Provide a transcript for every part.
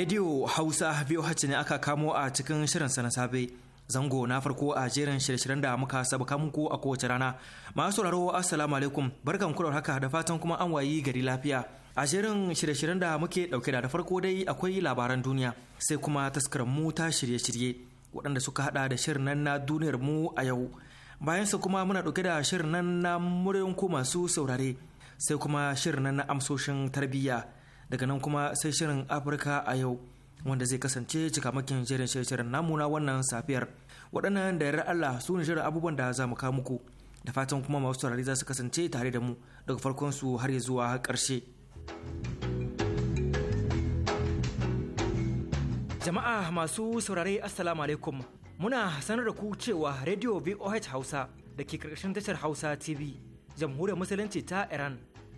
Rediyo Hausa biyu hacci ne aka kamo a cikin shirin na safe. Zango na farko a jerin shirye-shiryen da muka saba muku a kowace rana. Masu sauraro Assalamu alaikum. Barkan kurar haka da fatan kuma an wayi gari lafiya. A jerin shirye-shiryen da muke dauke da da farko dai akwai labaran duniya sai kuma taskarar mu ta shirye-shirye waɗanda suka hada da shirin nan na duniyar mu a yau. Bayan su kuma muna dauke da shirin nan na muryan ku masu saurare sai kuma shirin nan na amsoshin tarbiyya. daga nan kuma sai shirin afirka a yau wanda zai kasance cikamakin shirin shirin namu na wannan safiyar waɗannan da yarar allah su ne shirin abubuwan da za mu kawo muku da fatan kuma masu saurari za su kasance tare da mu daga farkon su har zuwa ƙarshe jama'a masu saurare assalamu alaikum muna sanar da ku cewa radio voh hausa da ke karkashin tashar hausa tv jamhuriyar musulunci ta iran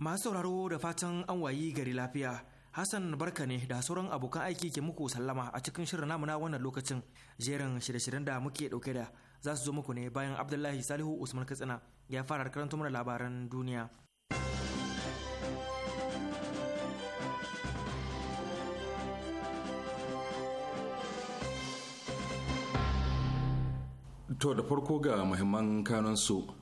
Masu sauraro da fatan an wayi gari lafiya. Hassan barka ne da sauran abokan aiki ke muku sallama a cikin shirin namu na wannan lokacin. Jerin shirye-shiryen da muke dauke da za su zo muku ne bayan Abdullahi Salihu Usman Katsina ya fara karanta mana labaran duniya. To da farko ga muhimman kanunsu. su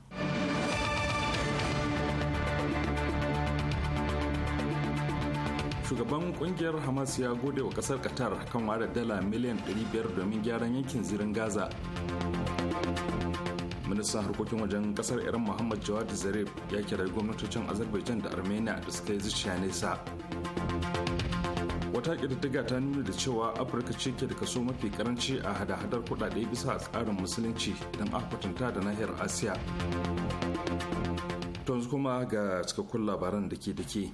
shugaban kungiyar hamas ya gode wa kasar qatar kan ware dala miliyan 500 domin gyaran yankin zirin gaza ministan harkokin wajen kasar iran muhammad jawad zarif ya kira gwamnatocin azerbaijan da armenia da suka yi zuciya nesa wata kididdiga ta nuna da cewa afirka ce ke da kaso mafi karanci a hada-hadar kudade bisa tsarin musulunci idan aka kwatanta da nahiyar asiya yanzu kuma ga cikakkun labaran da ke da ke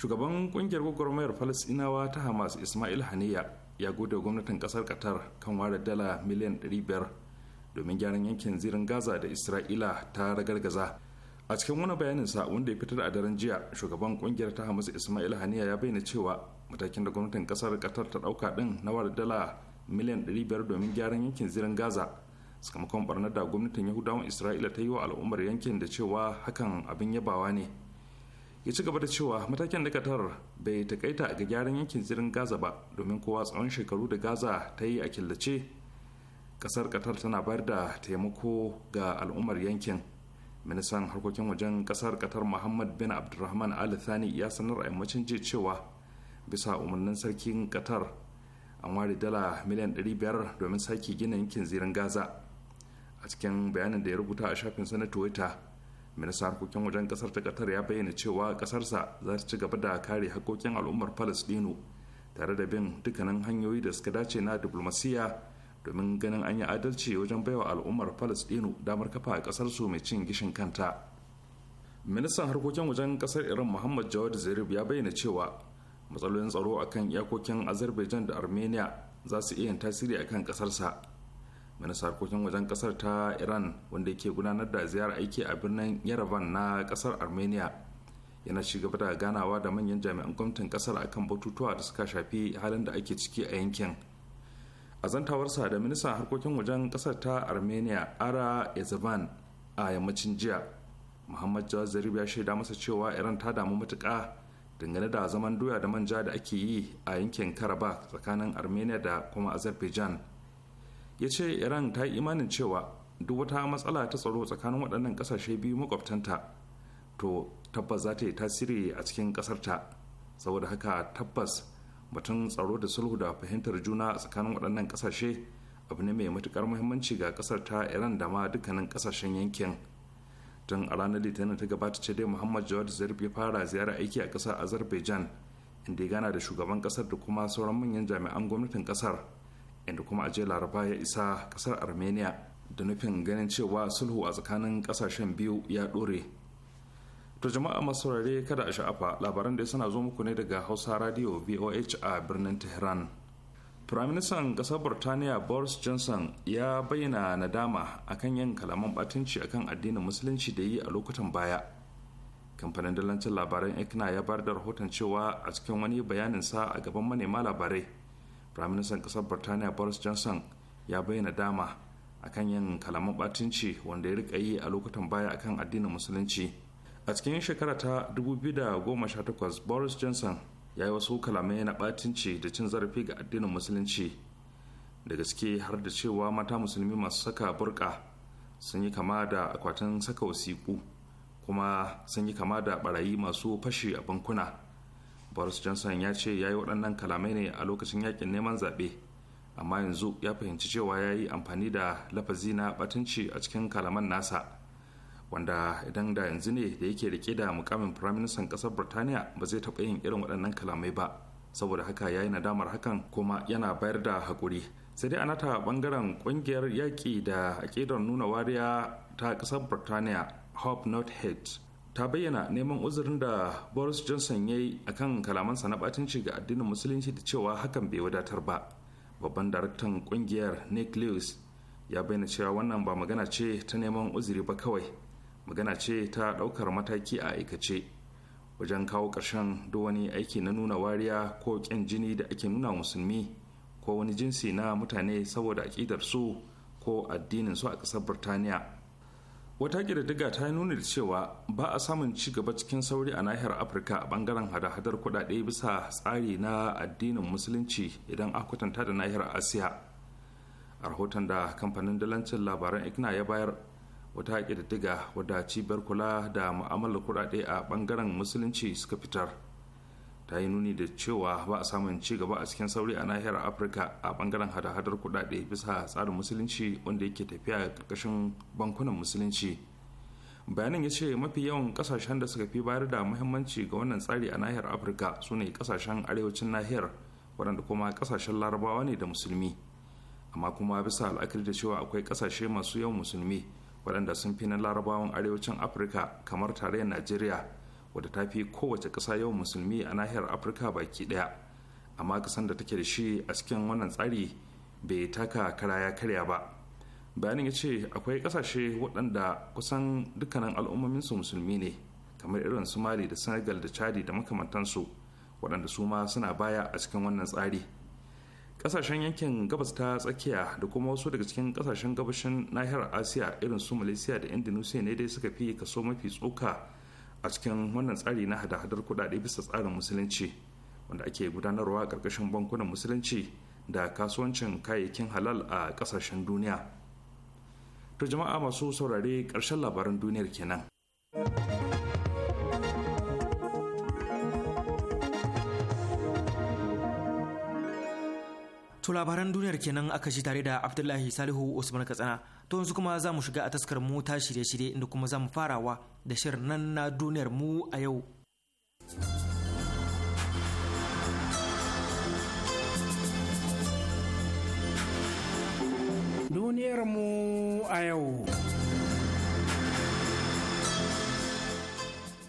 shugaban kungiyar gwagwarmayar falasinawa ta hamas ismail haniya ya gode gwamnatin kasar qatar kan ware dala miliyan 500 domin gyaran yankin zirin gaza da isra'ila ta ragargaza a cikin wani bayaninsa wanda ya fitar a daren jiya shugaban kungiyar ta hamas ismail haniya ya bayyana cewa matakin da gwamnatin kasar qatar ta dauka din na ware dala miliyan 500 domin gyaran yankin zirin gaza sakamakon barnar da gwamnatin yahudawan isra'ila ta yi wa al'ummar yankin da cewa hakan abin yabawa ne ya ci gaba da cewa matakin da katar bai takaita ga gyaran yankin zirin gaza ba domin kowa tsawon shekaru da gaza ta yi a killace kasar katar tana bayar da taimako ga al'ummar yankin ministan harkokin wajen kasar katar muhammad bin abdulrahman ali thani ya sanar a yammacin jiya cewa bisa umarnin sarkin katar an ware dala miliyan 500 domin sake gina yankin zirin gaza a cikin bayanin da ya rubuta a shafinsa na twitter ministan harkokin wajen kasar ta qatar ya bayyana cewa kasarsa za ta ci gaba da kare hakokin al'ummar palestino tare da bin dukkanin hanyoyi da suka dace na diplomasiya domin ganin an yi adalci wajen baiwa al'ummar palestino damar kafa a kasar su mai cin gishin kanta ministan harkokin wajen kasar iran muhammad jawad zarif ya bayyana cewa matsalolin tsaro akan iyakokin azerbaijan da armenia za su iya tasiri akan kasarsa minista harkokin wajen kasar ta iran wanda yake gudanar da ziyarar aiki a birnin yerevan na kasar armenia yana shigaba gaba da ganawa da manyan jami'an gwamnatin kasar akan batutuwa da suka shafi halin da ake ciki a yankin a zantawarsa da ministan harkokin wajen kasar ta armenia ara ezeban a yammacin jiya muhammad jawaz zarif ya shaida masa cewa iran ta damu matuka dangane da zaman doya da manja da ake yi a yankin karabakh tsakanin armenia da kuma azerbaijan ya ce iran ta yi imanin cewa duk wata matsala ta tsaro tsakanin waɗannan ƙasashe biyu makwabtanta to tabbas za ta yi tasiri a cikin ƙasarta saboda haka tabbas batun tsaro da sulhu da fahimtar juna a tsakanin waɗannan ƙasashe abu ne mai matuƙar muhimmanci ga ƙasar ta iran da ma dukkanin ƙasashen yankin tun a ranar litinin ta gabata ce dai muhammad jawad zarif ya fara ziyara aiki a ƙasar azerbaijan inda ya gana da shugaban ƙasar da kuma sauran manyan jami'an gwamnatin ƙasar inda kuma a laraba ya isa kasar armenia da nufin ganin cewa sulhu a tsakanin kasashen biyu ya dore to jama'a masu saurare kada a sha'afa labaran da suna zo muku ne daga hausa radio voh a birnin tehran firaministan kasar burtaniya boris johnson ya bayyana nadama akan yin kalaman batunci akan addinin musulunci da yi a lokutan baya kamfanin dalancin labaran ekna ya bayar da rahoton cewa a cikin wani bayanin sa a gaban manema labarai firaministan kasar birtaniya boris johnson ya bayyana dama akan yin kalaman batunci wanda ya rika yi a lokutan baya akan addinin musulunci a cikin shekara ta 2018 boris johnson ya yi wasu kalamai na batunci da cin zarafi ga addinin musulunci da gaske har da cewa mata musulmi masu saka burka sun yi kama da akwatin saka wasiƙu kuma sun yi kama da barayi masu fashi a bankuna boris johnson ya ce ya yi waɗannan kalamai ne a lokacin yakin neman zaɓe amma yanzu ya fahimci cewa ya yi amfani da lafazi na batunci a cikin kalaman nasa wanda idan da yanzu ne da yake rike da mukamin firaministan ƙasar birtaniya ba zai taɓa yin irin waɗannan kalamai ba saboda haka ya yi nadamar hakan kuma yana bayar da haƙuri sai dai anata bangaren ƙungiyar yaƙi da aƙidar nuna wariya ta ƙasar birtaniya hope not hate ta bayyana neman uzurin da boris johnson ya yi a kan kalamansa na batunci ga addinin musulunci da cewa hakan bai wadatar ba babban daraktan kungiyar nick lewis ya bayyana cewa wannan ba magana ce ta neman uzuri ba kawai magana ce ta daukar mataki a aikace wajen kawo ƙarshen duk wani aiki na nuna wariya ko ƙin jini da ake nuna musulmi ko wani jinsi na mutane saboda aƙidar su ko addinin su a ƙasar birtaniya wata ƙididdiga ta nuna da cewa ba a samun ci gaba cikin sauri a nahiyar afirka a bangaren hada-hadar kuɗaɗe bisa tsari na addinin musulunci idan a kwatanta da nahiyar asiya a rahoton da kamfanin dalancin labaran ikna ya bayar wata ƙididdiga wadda cibiyar kula da mu'amalar kudade a bangaren musulunci suka fitar ta yi nuni da cewa ba a samun ci gaba a cikin sauri a nahiyar afirka a bangaren hada-hadar kudade bisa tsarin musulunci wanda yake tafiya karkashin bankunan musulunci bayanin ya ce mafi yawan kasashen da suka fi bayar da muhimmanci ga wannan tsari a nahiyar afirka su ne kasashen arewacin nahiyar waɗanda kuma kasashen larabawa ne da musulmi amma kuma bisa al'akari da cewa akwai kasashe masu yawan musulmi waɗanda sun fi na larabawan arewacin afirka kamar tarayyar najeriya wadda ta fi kowace ƙasa yawan musulmi a nahiyar afirka baki ɗaya amma kasan da take da shi a cikin wannan tsari bai taka kara ya karya ba bayanin ya ce akwai ƙasashe waɗanda kusan dukkanin al'ummominsu musulmi ne kamar irin su mali da senegal da chadi da makamantansu waɗanda su ma suna baya a cikin wannan tsari ƙasashen yankin gabas ta tsakiya da kuma wasu daga cikin ƙasashen gabashin nahiyar asiya irin su malaysia da indonesia ne dai suka fi kaso mafi tsoka a cikin wannan tsari na hada-hadar kudade bisa tsarin musulunci wanda ake gudanarwa a ƙarƙashin bankunan musulunci da kasuwancin kayayyakin halal a ƙasashen duniya to jama'a masu saurare ƙarshen labaran duniyar kenan to labaran duniyar kenan aka ji tare da abdullahi salihu usman katsina to yanzu kuma za mu shiga a taskar mu ta shirye-shirye inda kuma za mu farawa da shirin nan na duniyar mu a yau duniyar mu a yau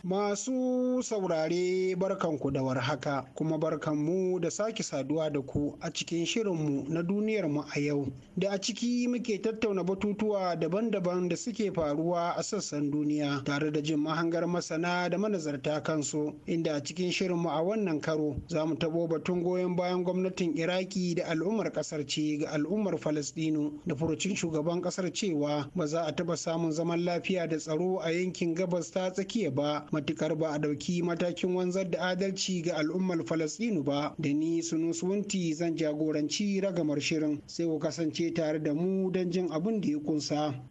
Masu saurare barkanku da warhaka kuma barkanmu da sake saduwa da ku a cikin shirinmu na duniyarmu a yau. Da a ciki muke tattauna batutuwa daban-daban da suke faruwa a sassan duniya tare da jin mahangar masana da manazarta kansu inda a cikin shirinmu a wannan karo za mu tabo batun goyon bayan gwamnatin Iraki da al'ummar kasar ce ga al'ummar Falastinu da furucin shugaban kasar cewa ba za a taba samun zaman lafiya da tsaro a yankin gabas ta tsakiya ba matukar ba a ɗauki matakin wanzar da adalci ga al'ummar falastinu ba da ni sunusunti zan jagoranci ragamar shirin sai ku kasance tare da mu don jin abin da ya kunsa.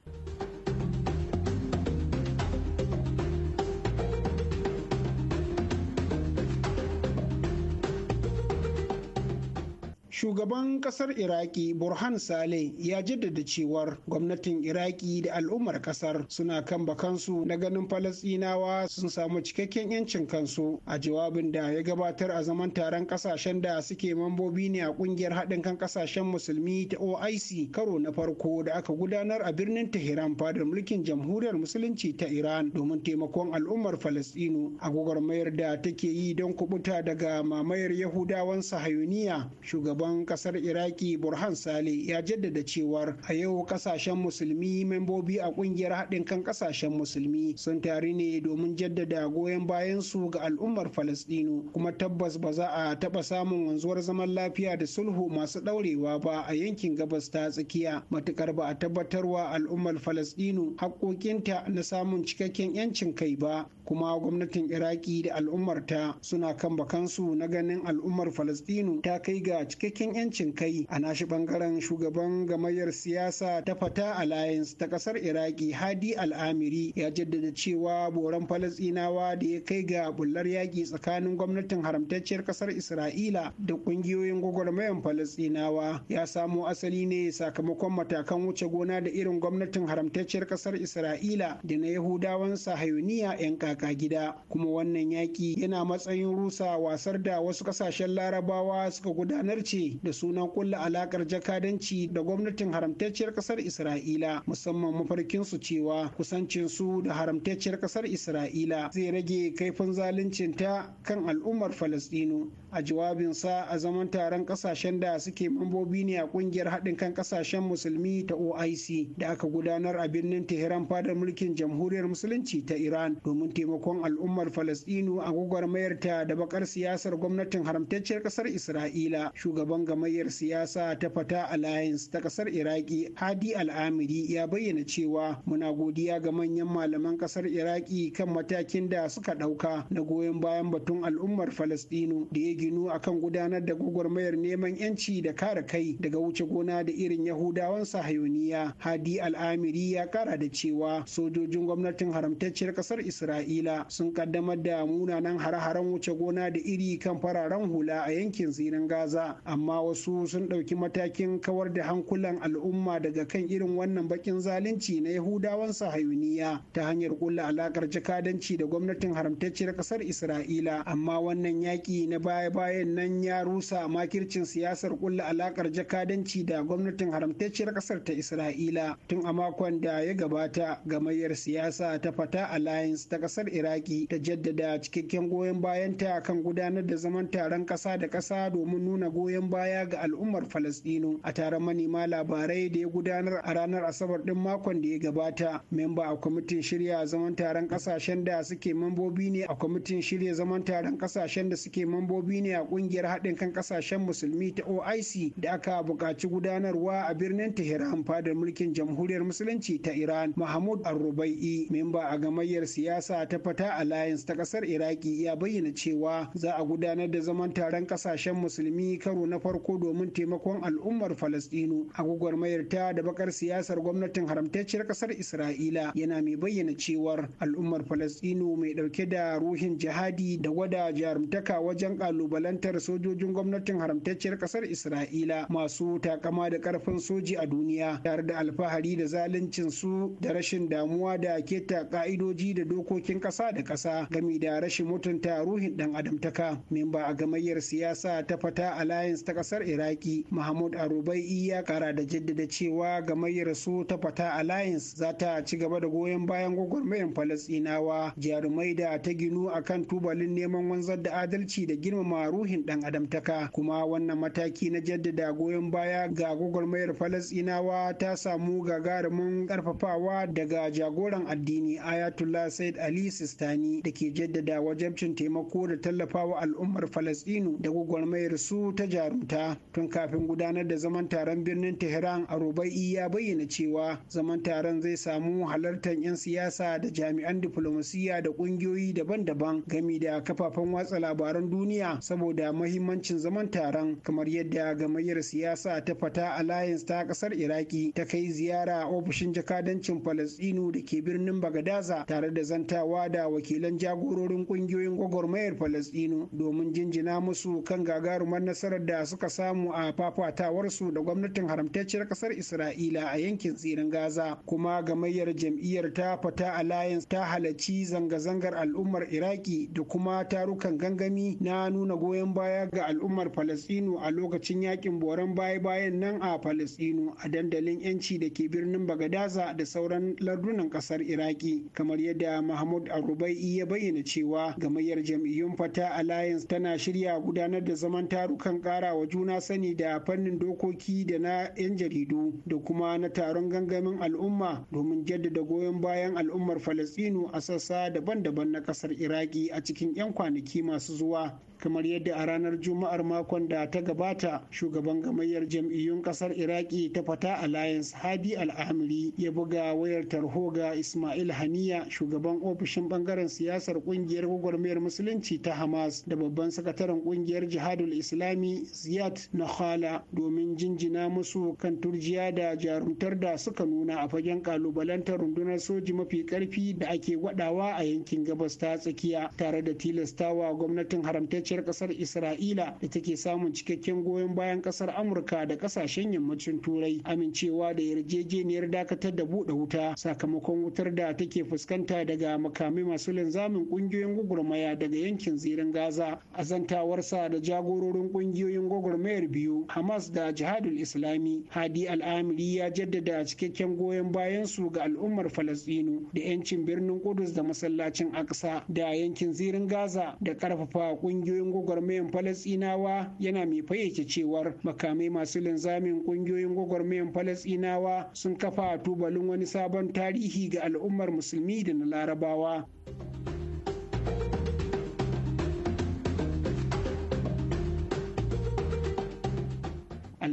shugaban kasar iraki burhan saleh ya jaddada cewar gwamnatin iraki da al'ummar kasar suna kan bakansu na ganin falasɗinawa sun samu cikakken yancin kansu a jawabin da ya gabatar a zaman taron kasashen da suke mambobi ne a kungiyar haɗin kan kasashen musulmi ta oic karo na farko da aka gudanar a birnin tehran fadar mulkin jamhuriyar musulunci ta iran domin taimakon al'ummar falasɗinu a gwagwarmayar da take yi don kubuta daga mamayar yahudawan sahayuniya shugaban shugaban kasar iraki burhan sale ya jaddada cewar a yau kasashen musulmi membobi a kungiyar haɗin kan kasashen musulmi sun tari ne domin jaddada goyon bayan su ga al'ummar falastinu kuma tabbas ba za a taɓa samun wanzuwar zaman lafiya da sulhu masu ɗaurewa ba a yankin gabas ta tsakiya matukar ba a tabbatarwa al'ummar falastinu haƙoƙinta na samun cikakken 'yancin kai ba kuma gwamnatin iraki da al'ummarta suna kan bakansu na ganin al'ummar falastinu ta kai ga cikakken cikin 'yancin kai a nashi bangaren shugaban gamayyar siyasa ta fata alliance ta kasar iraki hadi al'amiri ya jaddada cewa boran falasinawa da ya kai ga bullar yaƙi tsakanin gwamnatin haramtacciyar kasar isra'ila da ƙungiyoyin gwagwarmayan falasinawa ya samo asali ne sakamakon matakan wuce gona da irin gwamnatin haramtacciyar kasar isra'ila da na yahudawan sahayuniya 'yan kaka gida kuma wannan yaƙi yana matsayin rusa wasar da wasu ƙasashen larabawa suka gudanar ce da sunan kulla alakar jakadanci da gwamnatin haramtacciyar kasar isra'ila musamman mafarkin su cewa kusancin su da haramtacciyar kasar isra'ila zai rage kaifin zaluncin ta kan al'ummar falastinu a jawabinsa a zaman taron kasashen da suke mambobi ne a kungiyar haɗin kan kasashen musulmi ta oic da aka gudanar a birnin tehran fadar mulkin jamhuriyar musulunci ta iran domin taimakon al'ummar falastinu a gwagwarmayar ta da bakar siyasar gwamnatin haramtacciyar kasar isra'ila shugaban shugaban gamayyar siyasa ta fata alliance ta kasar iraki hadi al'amiri ya bayyana cewa muna godiya ga manyan malaman kasar iraki kan matakin da suka ɗauka na goyon bayan batun al'ummar falastinu da ya ginu akan gudanar da gwagwarmayar neman yanci da kare kai daga wuce gona da irin yahudawan sahayoniya hadi al'amiri ya kara da cewa sojojin gwamnatin haramtacciyar kasar isra'ila sun kaddamar da munanan hare-haren wuce gona da iri kan fararen hula a yankin zirin gaza amma amma wasu sun ɗauki matakin kawar da hankulan al'umma daga kan irin wannan bakin zalunci na yahudawan sahayuniya ta hanyar kulla alakar jakadanci da gwamnatin haramtacciyar ƙasar isra'ila amma wannan yaƙi na baya-bayan nan ya rusa makircin siyasar kulla alakar jakadanci da gwamnatin haramtacciyar ƙasar ta isra'ila tun a makon da ya gabata gamayyar siyasa ta fata alliance ta ƙasar iraki ta jaddada cikakken goyon bayanta kan gudanar da zaman taron ƙasa da ƙasa domin nuna goyon bayan baya ga al'ummar Falasɗinu a taron manema labarai da ya gudanar a ranar Asabar ɗin makon da ya gabata. Memba a kwamitin shirya zaman taron ƙasashen da suke mambobi ne a kwamitin shirya zaman taron ƙasashen da suke mambobi ne a ƙungiyar haɗin kan ƙasashen musulmi ta OIC da aka buƙaci gudanarwa a birnin Tehran fadar mulkin jamhuriyar musulunci ta Iran. Mahmud Arrubai'i, memba a gamayyar siyasa ta Fata Alliance ta ƙasar Iraki ya bayyana cewa za a gudanar da zaman taron ƙasashen musulmi karo na farko domin taimakon al'ummar Falasɗinu a gwagwarmayar ta da bakar siyasar gwamnatin haramtacciyar ƙasar Isra'ila yana mai bayyana cewar al'ummar falastinu mai ɗauke da ruhin jihadi da gwada jarumtaka wajen ƙalubalantar sojojin gwamnatin haramtacciyar ƙasar Isra'ila masu takama da karfin soji a duniya tare da alfahari da zaluncin su da rashin damuwa da keta ka'idoji da dokokin ƙasa da ƙasa game da rashin mutunta ruhin ɗan adamtaka. Memba a gamayyar siyasa ta fata Alliance ta kasar iraki mahmud arubai ya kara da jaddada cewa gamayyar su ta fata alliance za ta ci gaba da goyon bayan gwagwarmayar falasinawa jarumai da ta ginu kan tubalin neman wanzar da adalci da girmama ruhin dan adamtaka kuma wannan mataki na jaddada goyon baya ga gwagwarmayar falasinawa ta samu gagarumin karfafawa daga jagoran addini ayatollah said ali sistani da ke jaddada wajen cin taimako da tallafawa al'ummar falasinu da gwagwarmayar su ta jarumai mahukunta tun kafin gudanar da zaman taron birnin tehran a rubai ya bayyana cewa zaman taron zai samu halartar 'yan siyasa da jami'an diflomasiyya da kungiyoyi daban-daban gami da kafafen watsa labaran duniya saboda mahimmancin zaman taron kamar yadda gamayyar siyasa ta fata alliance ta kasar iraki ta kai ziyara ofishin jakadancin falastinu da ke birnin bagadaza tare da zantawa da wakilan jagororin kungiyoyin gwagwarmayar falastinu domin jinjina musu kan gagarumar nasarar da suka samu a fafatawarsu da gwamnatin haramtacciyar kasar isra'ila a yankin tsirin gaza kuma gamayyar jam'iyyar ta fata alliance ta halarci zanga-zangar al'ummar iraki da kuma tarukan gangami na nuna goyon baya ga al'ummar falastinu a lokacin yakin boran baya-bayan nan a falastinu a dandalin yanci da ke birnin bagadaza da sauran lardunan kasar iraki kamar yadda mahmud arubai ya bayyana cewa gamayyar jam'iyyun fata alliance tana shirya gudanar da zaman tarukan karawa wa juna sani da fannin dokoki da na 'yan jaridu da kuma na taron gangamin al'umma domin jaddada goyon bayan al'ummar falastinu a sassa daban-daban na kasar iraki a cikin 'yan kwanaki masu zuwa kamar yadda a ranar juma'ar makon da ta gabata shugaban gamayyar jam'iyyun kasar iraki ta fata alliance hadi al'amiri ya buga wayar tarho ga ismail haniya shugaban ofishin bangaren siyasar kungiyar gwagwarmayar musulunci ta hamas da babban sakataren kungiyar jihadul islami ziyad nahala domin jinjina musu kan turjiya da jarumtar da suka nuna a fagen kalubalantar rundunar soji mafi karfi da ake gwadawa a yankin gabas ta tsakiya tare da tilastawa gwamnatin haramtacce haramtacciyar kasar isra'ila da take samun cikakken goyon bayan kasar amurka da kasashen yammacin turai amincewa da yarjejeniyar dakatar da buɗe wuta sakamakon wutar da take fuskanta daga makamai masu linzamin ƙungiyoyin gwagwarmaya daga yankin zirin gaza azantawarsa da jagororin ƙungiyoyin gwagwarmayar biyu hamas da jihadul islami hadi al'amiri ya jaddada cikakken goyon bayan su ga al'ummar falastinu da 'yancin birnin kudus da masallacin aksa da yankin zirin gaza da ƙarfafa ƙungiyoyin ƙungiyoyin gwagwarmayan falasinawa yana mai fayyace cewar makamai masu linzamin ƙungiyoyin gwagwarmayar falasinawa sun kafa a tubalin wani sabon tarihi ga al'ummar musulmi da na larabawa.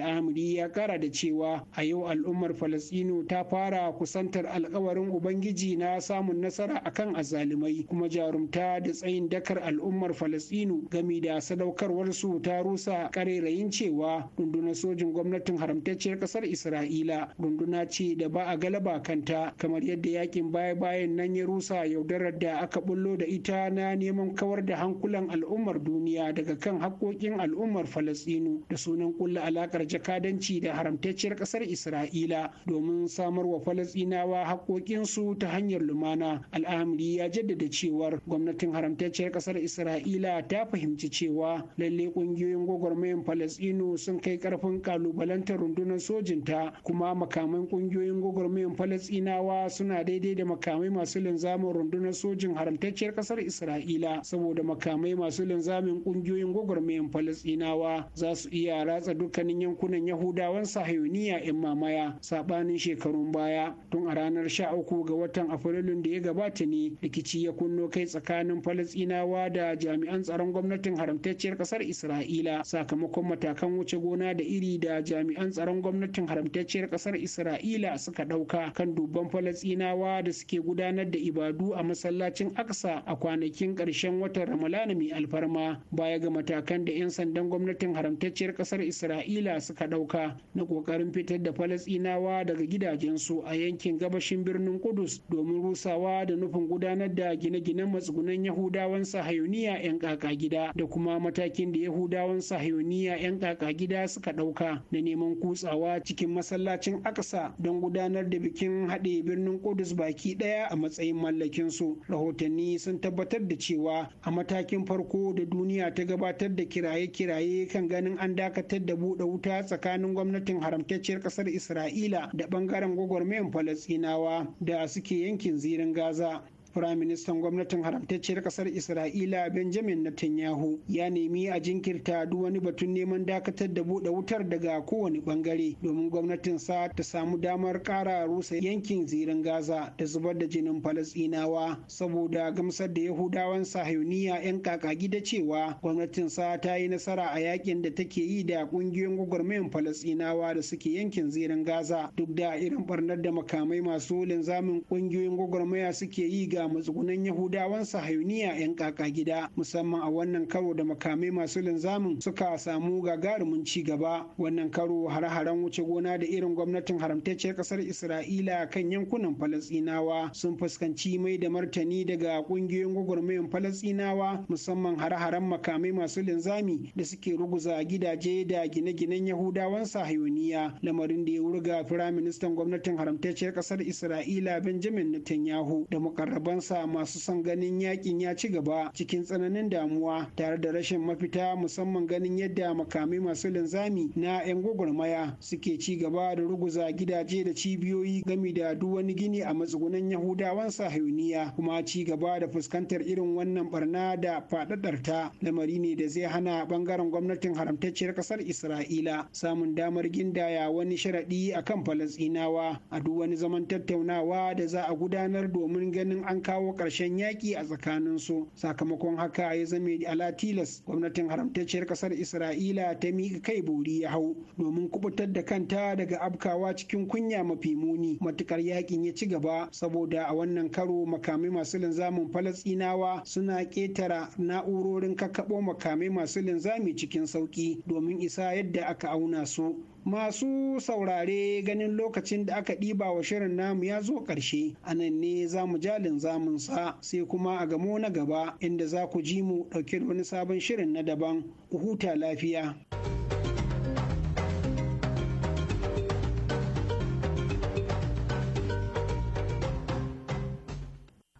al'amari ya kara da cewa a yau al'ummar falasino ta fara kusantar alkawarin ubangiji na samun nasara akan azalimai kuma jarumta da tsayin dakar al'ummar falasino gami da sadaukarwarsu ta rusa karerayin cewa rundunar sojin gwamnatin haramtacciyar kasar isra'ila runduna ce da ba a galaba kanta kamar yadda yakin baya-bayan nan ya rusa yaudarar da aka bullo da ita na neman kawar da hankulan al'ummar duniya daga kan haƙƙoƙin al'ummar falasino da sunan kulla alakar jakadanci da haramtacciyar ƙasar isra'ila domin samar wa Falasinawa haƙoƙinsu ta hanyar lumana al'amari ya jaddada cewar gwamnatin haramtacciyar ƙasar isra'ila ta fahimci cewa lalle ƙungiyoyin gwagwarmayan Falasinu sun kai ƙarfin ƙalubalantar rundunar sojinta kuma makaman ƙungiyoyin gwagwarmayan Falasinawa suna daidai da makamai masu linzamin rundunar sojin haramtacciyar ƙasar isra'ila saboda makamai masu linzamin ƙungiyoyin gwagwarmayan Falasinawa za su iya ratsa dukkanin yankunan yankunan yahudawan sahayuniya 'yan mamaya saɓanin shekarun baya tun a ranar 13 ga watan afrilun da ya gabata ne rikici ya kunno kai tsakanin falasinawa da jami'an tsaron gwamnatin haramtacciyar ƙasar isra'ila sakamakon matakan wuce gona da iri da jami'an tsaron gwamnatin haramtacciyar ƙasar isra'ila suka ɗauka kan dubban falasinawa da suke gudanar da ibadu a masallacin aksa a kwanakin ƙarshen watan ramalana mai alfarma baya ga matakan da 'yan sandan gwamnatin haramtacciyar ƙasar isra'ila suka ɗauka na ƙoƙarin fitar da falasinawa daga gidajensu a yankin gabashin birnin kudus domin rusawa da nufin gudanar da gine-ginen matsugunan yahudawan sahayuniya 'yan kaka gida da kuma matakin da yahudawan sahayuniya 'yan kaka gida suka ɗauka na neman kutsawa cikin masallacin aksa don gudanar da bikin haɗe birnin kudus baki ɗaya a matsayin mallakinsu rahotanni sun tabbatar da cewa a matakin farko da duniya ta gabatar da kiraye-kiraye kan ganin an dakatar da buɗe wuta shiga tsakanin gwamnatin haramtacciyar kasar isra'ila da bangaren gwagwarmayan falasinawa da suke yankin zirin gaza Firaministan gwamnatin haramtacciyar ƙasar Isra'ila Benjamin Netanyahu ya nemi a jinkirta duk wani batun neman dakatar da buɗe wutar daga kowane bangare domin gwamnatin gwamnatinsa ta samu damar ƙara rusa yankin zirin Gaza da zubar da jinin Falasɗinawa saboda gamsar da Yahudawan Sahiyoniya 'yan kakagi da cewa gwamnatinsa ta yi nasara a yakin da take yi da ƙungiyoyin gwagwarmayan Falasɗinawa da suke yankin zirin Gaza duk da irin barnar da makamai masu linzamin ƙungiyoyin gwagwarmaya suke yi ga matsugunan yahudawan sahayuniya 'yan kaka gida musamman a wannan karo da makamai masu linzamin suka samu gagarumin ci gaba wannan karo har-haren wuce gona da irin gwamnatin haramtacciyar kasar isra'ila kan yankunan falasinawa sun fuskanci mai da martani daga kungiyoyin gwagwarmayan falasinawa musamman har-haren makamai masu linzami da suke ruguza gidaje da gine-ginen yahudawan sahayuniya lamarin da ya wurga firaministan gwamnatin haramtacciyar kasar isra'ila benjamin netanyahu da mukarrab shugabansa masu son ganin yakin ya ci gaba cikin tsananin damuwa tare da rashin mafita musamman ganin yadda makamai masu linzami na 'yan gwagwarmaya suke ci gaba da ruguza gidaje da cibiyoyi gami da duk wani gini a matsugunan yahudawan sahayuniya kuma ci gaba da fuskantar irin wannan barna da faɗaɗar ta lamari ne da zai hana bangaren gwamnatin haramtacciyar ƙasar isra'ila samun damar gindaya wani sharaɗi akan falasɗinawa a duk wani zaman tattaunawa da za a gudanar domin ganin an an kawo ƙarshen yaƙi a tsakanin su sakamakon haka ya zame ala tilas gwamnatin haramtacciyar ƙasar isra'ila ta miƙa kai bori ya hau domin kubutar da kanta daga abkawa cikin kunya mafi muni matukar yaƙin ya ci gaba saboda a wannan karo makamai masu linzamin falasɗinawa suna ƙetara na'urorin kakkaɓo makamai masu linzami cikin sauƙi domin isa yadda aka auna su Masu saurare ganin lokacin da aka ɗiba wa shirin namu ya zo ƙarshe, a nan ne za mu jalin zamunsa sai kuma a gamo na gaba inda za ku ji mu ɗauke wani sabon shirin na daban, ku huta lafiya.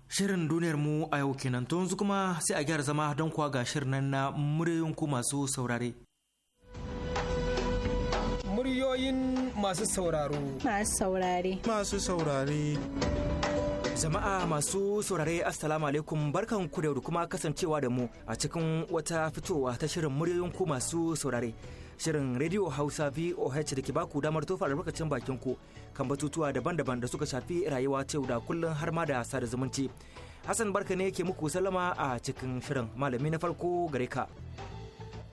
Shirin duniyar mu a yau kenan to yanzu kuma sai a gyara zama don kuwa ga shirin nan na muryoyinku masu saurare. ra'ayoyin masu sauraro. Masu saurare. Masu saurare. Jama'a masu saurare Assalamu alaikum barkan ku da kuma kasancewa da mu a cikin wata fitowa ta shirin muryoyin ku masu saurare. Shirin Radio Hausa VOH da ke baku damar tofa albarkacin bakin ku kan batutuwa daban-daban da suka shafi rayuwa ta da kullum har ma da sada zumunci. Hassan barka ne ke muku sallama a cikin shirin malami na farko gare ka.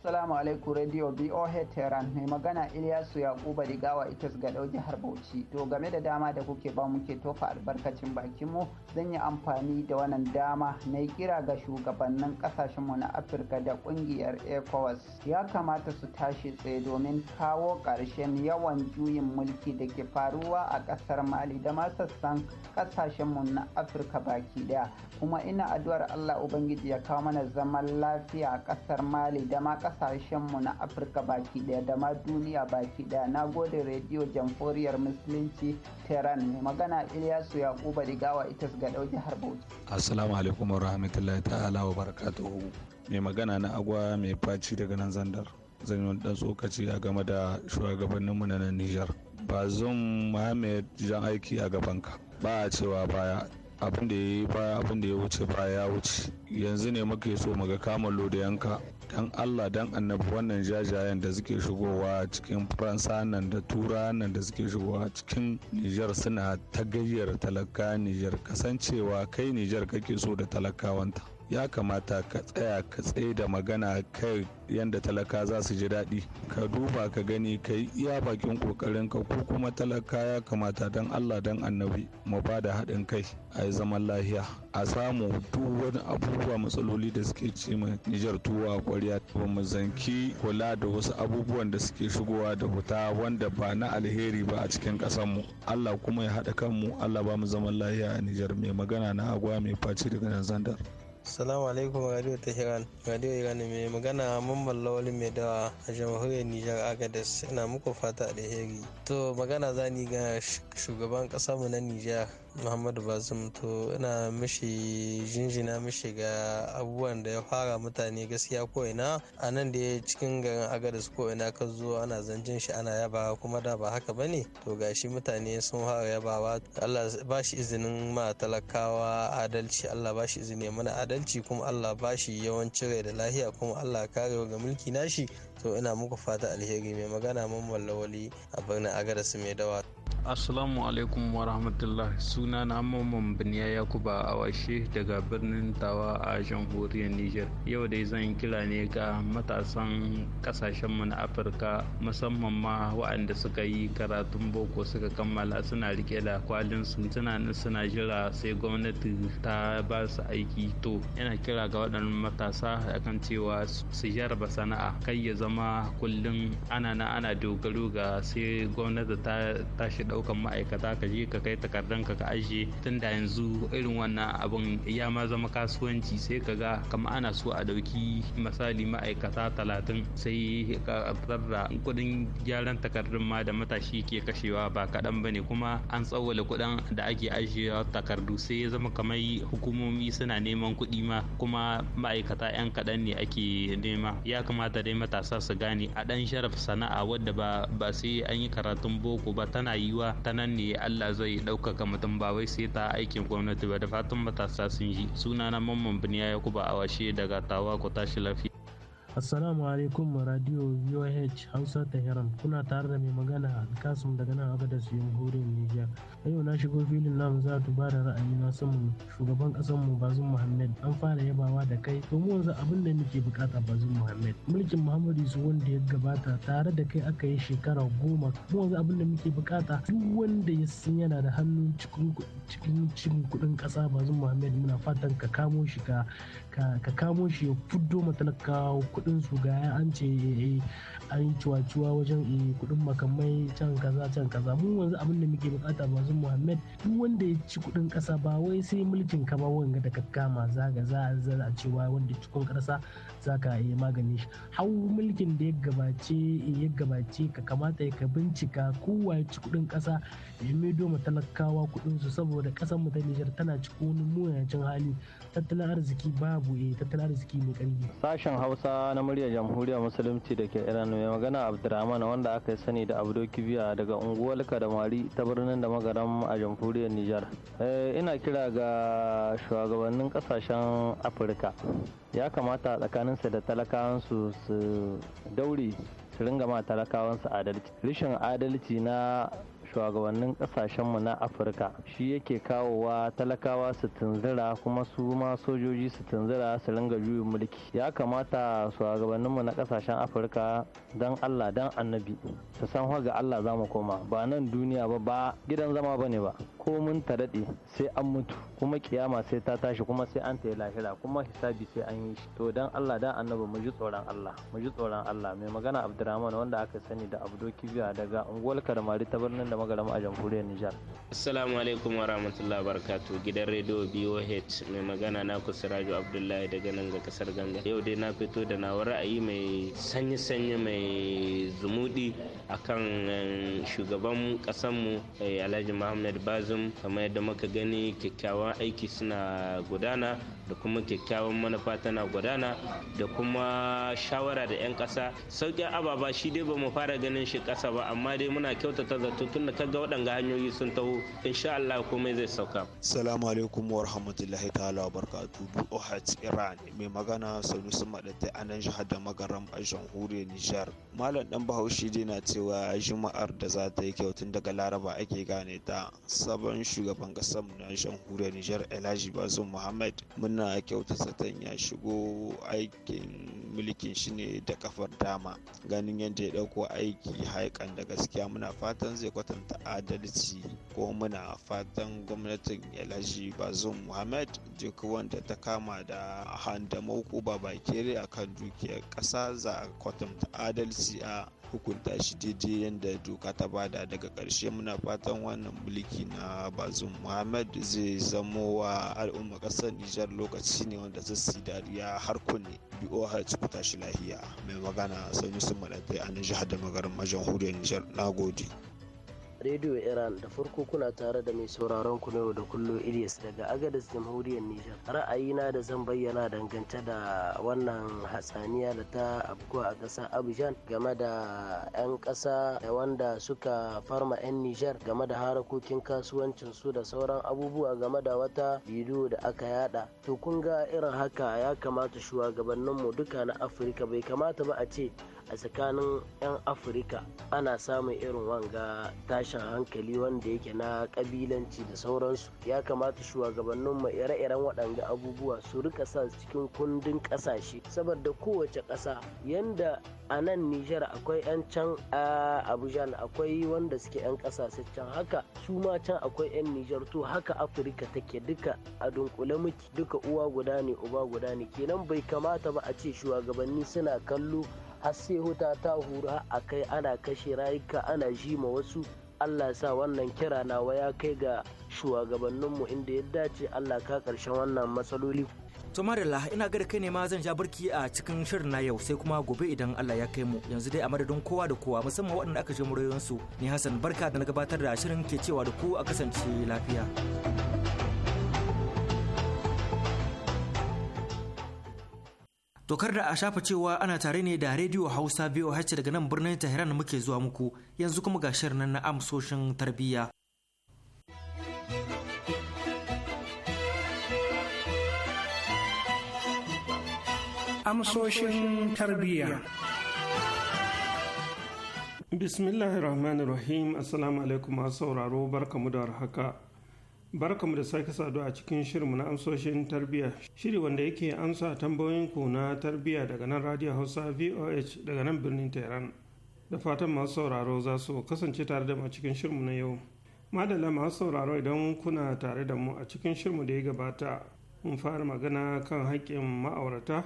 Assalamu alaikum Radio BOH Tehran mai magana Ilyasu Yakuba Rigawa Itas ga jihar Bauchi. To game da dama da kuke ba muke tofa albarkacin bakin mu zan yi amfani da wannan dama na kira ga shugabannin kasashen mu na Afirka da kungiyar ECOWAS. Ya kamata su tashi tsaye domin kawo ƙarshen yawan juyin mulki da ke faruwa a ƙasar Mali da ma sassan kasashen mu na Afirka baki daya. Kuma ina addu'ar Allah Ubangiji ya kawo mana zaman lafiya a ƙasar Mali da ma kasashenmu na afirka baki daya da ma duniya baki daya na gode rediyo jamforiyar musulunci tehran mai magana ilyasu yakuba rigawa ita ga dauki har bauchi assalamu alaikum wa rahmatullahi ta'ala wa barakatuhu mai magana na agwa mai faci daga nan zandar zan yi wani dan tsokaci a game da shugabanninmu na nijar zan muhammed jan aiki a gabanka ba a cewa baya abin da ya yi baya abin ya wuce baya ya wuce yanzu ne muke so mu ga da yanka dan allah dan annabi wannan jajayen da suke shigowa cikin faransa nan da tura nan da suke shigowa cikin nijar suna ta gayyar talaka nijar kasancewa kai nijar kake so da talakawanta ya kamata ka tsaya ka tsaye da magana kai yadda talaka za su ji daɗi ka duba ka gani ka yi iya bakin ƙoƙarin ka ko kuma talaka ya kamata don allah don annabi mu ba da haɗin kai a yi zaman lahiya a samu duk wani abubuwa matsaloli da suke ci ma nijar tuwa a ƙwarya ba mu zanki kula da wasu abubuwan da suke shigowa da wuta wanda ba na alheri ba a cikin ƙasarmu allah kuma ya haɗa kanmu allah ba mu zaman lahiya a nijar mai magana na agwa mai faci daga nan zandar Salamu alaikum Radio Tehran, Radio Iran mai magana mamman lawali mai dawa a jamhuriyar Nijar Agadez ina muku fata heri To magana zani ga shugaban ƙasa mu na Nijar muhammadu bazum to ina mishi jinjina mishi ga abubuwan da ya fara mutane gaskiya ko ina a nan da ya cikin garin agadis ko ina ka zo ana zancen shi ana yaba kuma da ba haka bane to gashi mutane sun fara yabawa allah ba shi izinin ma talakawa adalci allah ba shi izini mana adalci kuma allah ba shi yawancin rai da lahiya kuma allah karewa ga mulki nashi to ina muku fata alheri mai magana mamman lawali a birnin agadis mai dawa Assalamu alaikum wa rahmatullah suna na mamman biniya yakuba a washe daga birnin tawa a jamhuriyar Nijar. Yau dai zan kira ne ga matasan kasashenmu na Afirka musamman ma waɗanda suka yi karatun boko suka kammala suna rike da kwalin su suna suna jira sai gwamnati ta ba su aiki to yana kira ga waɗannan matasa akan cewa su jarba sana'a kai ya zama kullum ana na ana dogaro ga sai gwamnati ta tashi daukan ma'aikata ka je ka kai takardan ka ka ajiye tun da yanzu irin wannan abun ya ma zama kasuwanci sai ka ga kama ana so a dauki misali ma'aikata talatin sai ka da kuɗin gyaran takardun ma da matashi ke kashewa ba kaɗan ba ne kuma an tsawwala kudin da ake ajiyewa takardu sai ya zama kamar hukumomi suna neman kuɗi ma kuma ma'aikata 'yan kaɗan ne ake nema ya kamata dai matasa su gane a ɗan sharaf sana'a wadda ba sai an yi karatun boko ba tana yi rayuwa ta nan ne Allah zai ɗaukaka mutum ba wai sai ta aikin gwamnati ba da fatan matasa sun ji sunana mamman biniya yakuba awashe daga tawa ku tashi lafiya Assalamu alaikum radio VOH Hausa Tehran kuna tare da mai magana Alkasum daga nan su Agadez Jamhuriyar Nijar. A yau na shigo filin namu za ta ba da ra'ayi na saman shugaban kasar mu Bazum Muhammad an fara yabawa da kai to mu yanzu abin da muke bukata Bazum Muhammad. Mulkin Muhammad su wanda ya gabata tare da kai aka yi shekara goma mu yanzu abin da muke bukata duk wanda ya san yana da hannu cikin cikin cikin kudin kasa Bazum Muhammad muna fatan ka kamo shi ka ka kamo shi ya fuddo matalaka kudin su ga an ce an yi cuwa wajen eh, kudin makamai can kaza can kaza mu wanzu abin da muke bukata ba zun muhammed duk wanda ya ci kudin kasa ba wai sai mulkin ka ba wanga da kakama zaga za a cewa wanda cikin kasa za ka yi magani shi hau mulkin da ya gabace ya gabace ka kamata ka bincika kowa ya ci kudin kasa ya maido ma talakawa kudin su saboda kasan mu ta Nijar tana cikin wani muyacin hali tattalin arziki babu eh tattalin arziki mai karfi sashen Hausa na muryar Jamhuriyar Musulunci da ke Iran mai magana abdurrahman wanda aka sani da Abdo Kibiya daga unguwar Kadamari ta birnin da magaram a Jamhuriyar Nijar eh, ina kira ga shugabannin kasashen Afirka ya kamata tsakanin tsakaninsu da talakawansu su daure su ringa ma talakawansu adalci rashin adalci na shugabannin kasashenmu na afirka shi yake kawowa talakawa su tunzira kuma su ma sojoji su tunzira su ringa juyin mulki ya kamata shugabanninmu na kasashen afirka don allah don annabi su san ga allah za mu koma ba nan duniya ba ba gidan zama ba ne ba ko mun daɗe sai an mutu kuma kiyama sai ta tashi kuma sai an tayi lahira kuma hisabi sai an yi shi to dan allah dan annabi mu ji tsoron allah mu ji tsoron allah mai magana abdurrahman wanda aka sani da abdo kibiya daga unguwar karmari ta birnin da magaram a jamhuriyar Nijar. Assalamu alaikum wa rahmatullahi wa gidan rediyo BOH mai magana na ku Siraju Abdullahi daga nan ga kasar Ganga. Yau dai na fito da na ra'ayi mai sanyi-sanyi mai zumudi akan eh, shugaban mu eh, Alhaji Muhammad Bazum kamar yadda muka gani kyakkyawan aiki suna gudana da kuma kyakkyawan manufa tana gudana da kuma shawara da 'yan kasa sauƙin ababa shi dai ba mu fara ganin shi kasa ba amma dai muna kyautata zato tun da kaga waɗanga hanyoyi sun taho insha Allah komai zai sauka. Salamu alaikum wa rahmatullahi ta'ala wa barakatu Iran mai magana sun Maɗatai a nan jihar da magaram a jamhuriyar Nijar. Malam ɗan Bahaushe dai na cewa Juma'ar da za ta yi kyau tun daga Laraba ake gane ta. Sabon shugaban ƙasar na jamhuriyar Nijar Elaji Bazum Muhammad muna kyauta zaton ya shigo aikin mulkin shi ne da kafar dama ganin yadda ya dauko aiki haikan da gaskiya muna fatan zai kwatanta adalci ko muna fatan gwamnatin yalaji bazum muhammad duk wanda ta kama da handamau ko babakere a kan dukiyar ƙasa za a kwatanta adalci a hukunta shi daidai yadda doka ta bada daga karshe muna fatan wannan mulki na bazum muhammad zai zamo wa al'umma ƙasar nijar lokaci ne wanda zai dariya har kunne boh ku tashi lahiya mai magana sanusi maɗatai a nan jihar da magarin majan huriyar nijar na gode Radio Iran da farko kuna tare da mai sauraron ku yau da kullum Idris daga Agadez Jamhuriyar Nijar. Ra'ayina da zan bayyana dangance da wannan hatsaniya da ta afkuwa a ƙasa Abidjan game da 'yan ƙasa wanda suka farma 'yan Nijar game da harakokin kasuwancin su da sauran abubuwa game da wata bidiyo da aka yada. To kun ga irin haka ya kamata shugabanninmu duka na Afirka bai kamata ba a ce a tsakanin 'yan afirka ana samun irin wanga tashin hankali wanda yake na kabilanci da sauransu ya kamata shugabannin mu ire-iren waɗanda abubuwa su rika sa cikin kundin ƙasashe saboda kowace ƙasa yanda a nan nijar akwai 'yan can a abuja akwai wanda suke 'yan ƙasashe can haka su ma can akwai 'yan nijar to haka afirka take duka a dunkule miki duka uwa guda ne uba guda ne kenan bai kamata ba a ce shugabanni suna kallo har sai huta ta hura a kai ana kashe rayuka ana ma wasu Allah sa wannan kira nawa ya kai ga shugabanninmu inda ya dace Allah ka karshen wannan matsaloli. To Marilla ina gada kai ne ma zan ja birki a cikin shirin na yau sai kuma gobe idan Allah ya kai mu yanzu dai a madadin kowa da kowa musamman waɗanda aka je murayensu ni Hassan barka da na gabatar da shirin ke cewa da ku a kasance lafiya. kar da a shafa cewa ana tare ne da rediyo Hausa biyu VOH daga nan birnin Tehran muke zuwa muku yanzu kuma ga shirin nan na amsoshin tarbiyya. Amsoshin tarbiyya. Bismillahirrahmanirrahim Assalamu alaikum masu sauraro barkamu da warhaka. Barkamu da sake saduwa a cikin shirinmu na amsoshin tarbiyya. Shiri wanda yake amsa tambayoyin ku na tarbiyya daga nan Radio Hausa VOH daga nan birnin Tehran. Da fatan masu sauraro za su kasance tare da mu a cikin shirinmu na yau. Madalla masu sauraro idan kuna tare da mu a cikin shirinmu da ya gabata mun fara magana kan haƙƙin ma'aurata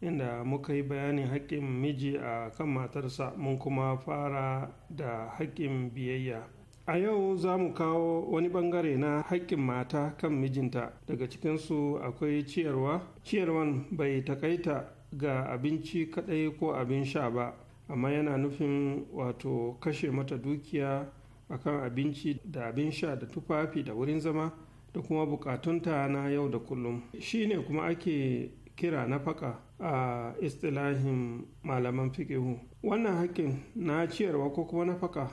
inda muka yi bayanin haƙƙin miji a kan matarsa mun kuma fara da haƙƙin biyayya. A yau za mu kawo wani bangare na haƙƙin mata kan mijinta daga cikinsu akwai ciyarwa. Ciyarwan bai takaita ga abinci kaɗai ko abin sha ba, amma yana nufin wato kashe mata dukiya a kan abinci da abin sha da tufafi da wurin zama da kuma buƙatunta na yau da kullum. Shi ne kuma ake kira na faka a istilahin malaman fiƙihu. Wannan haƙƙin na ciyarwa ko kuma na faka.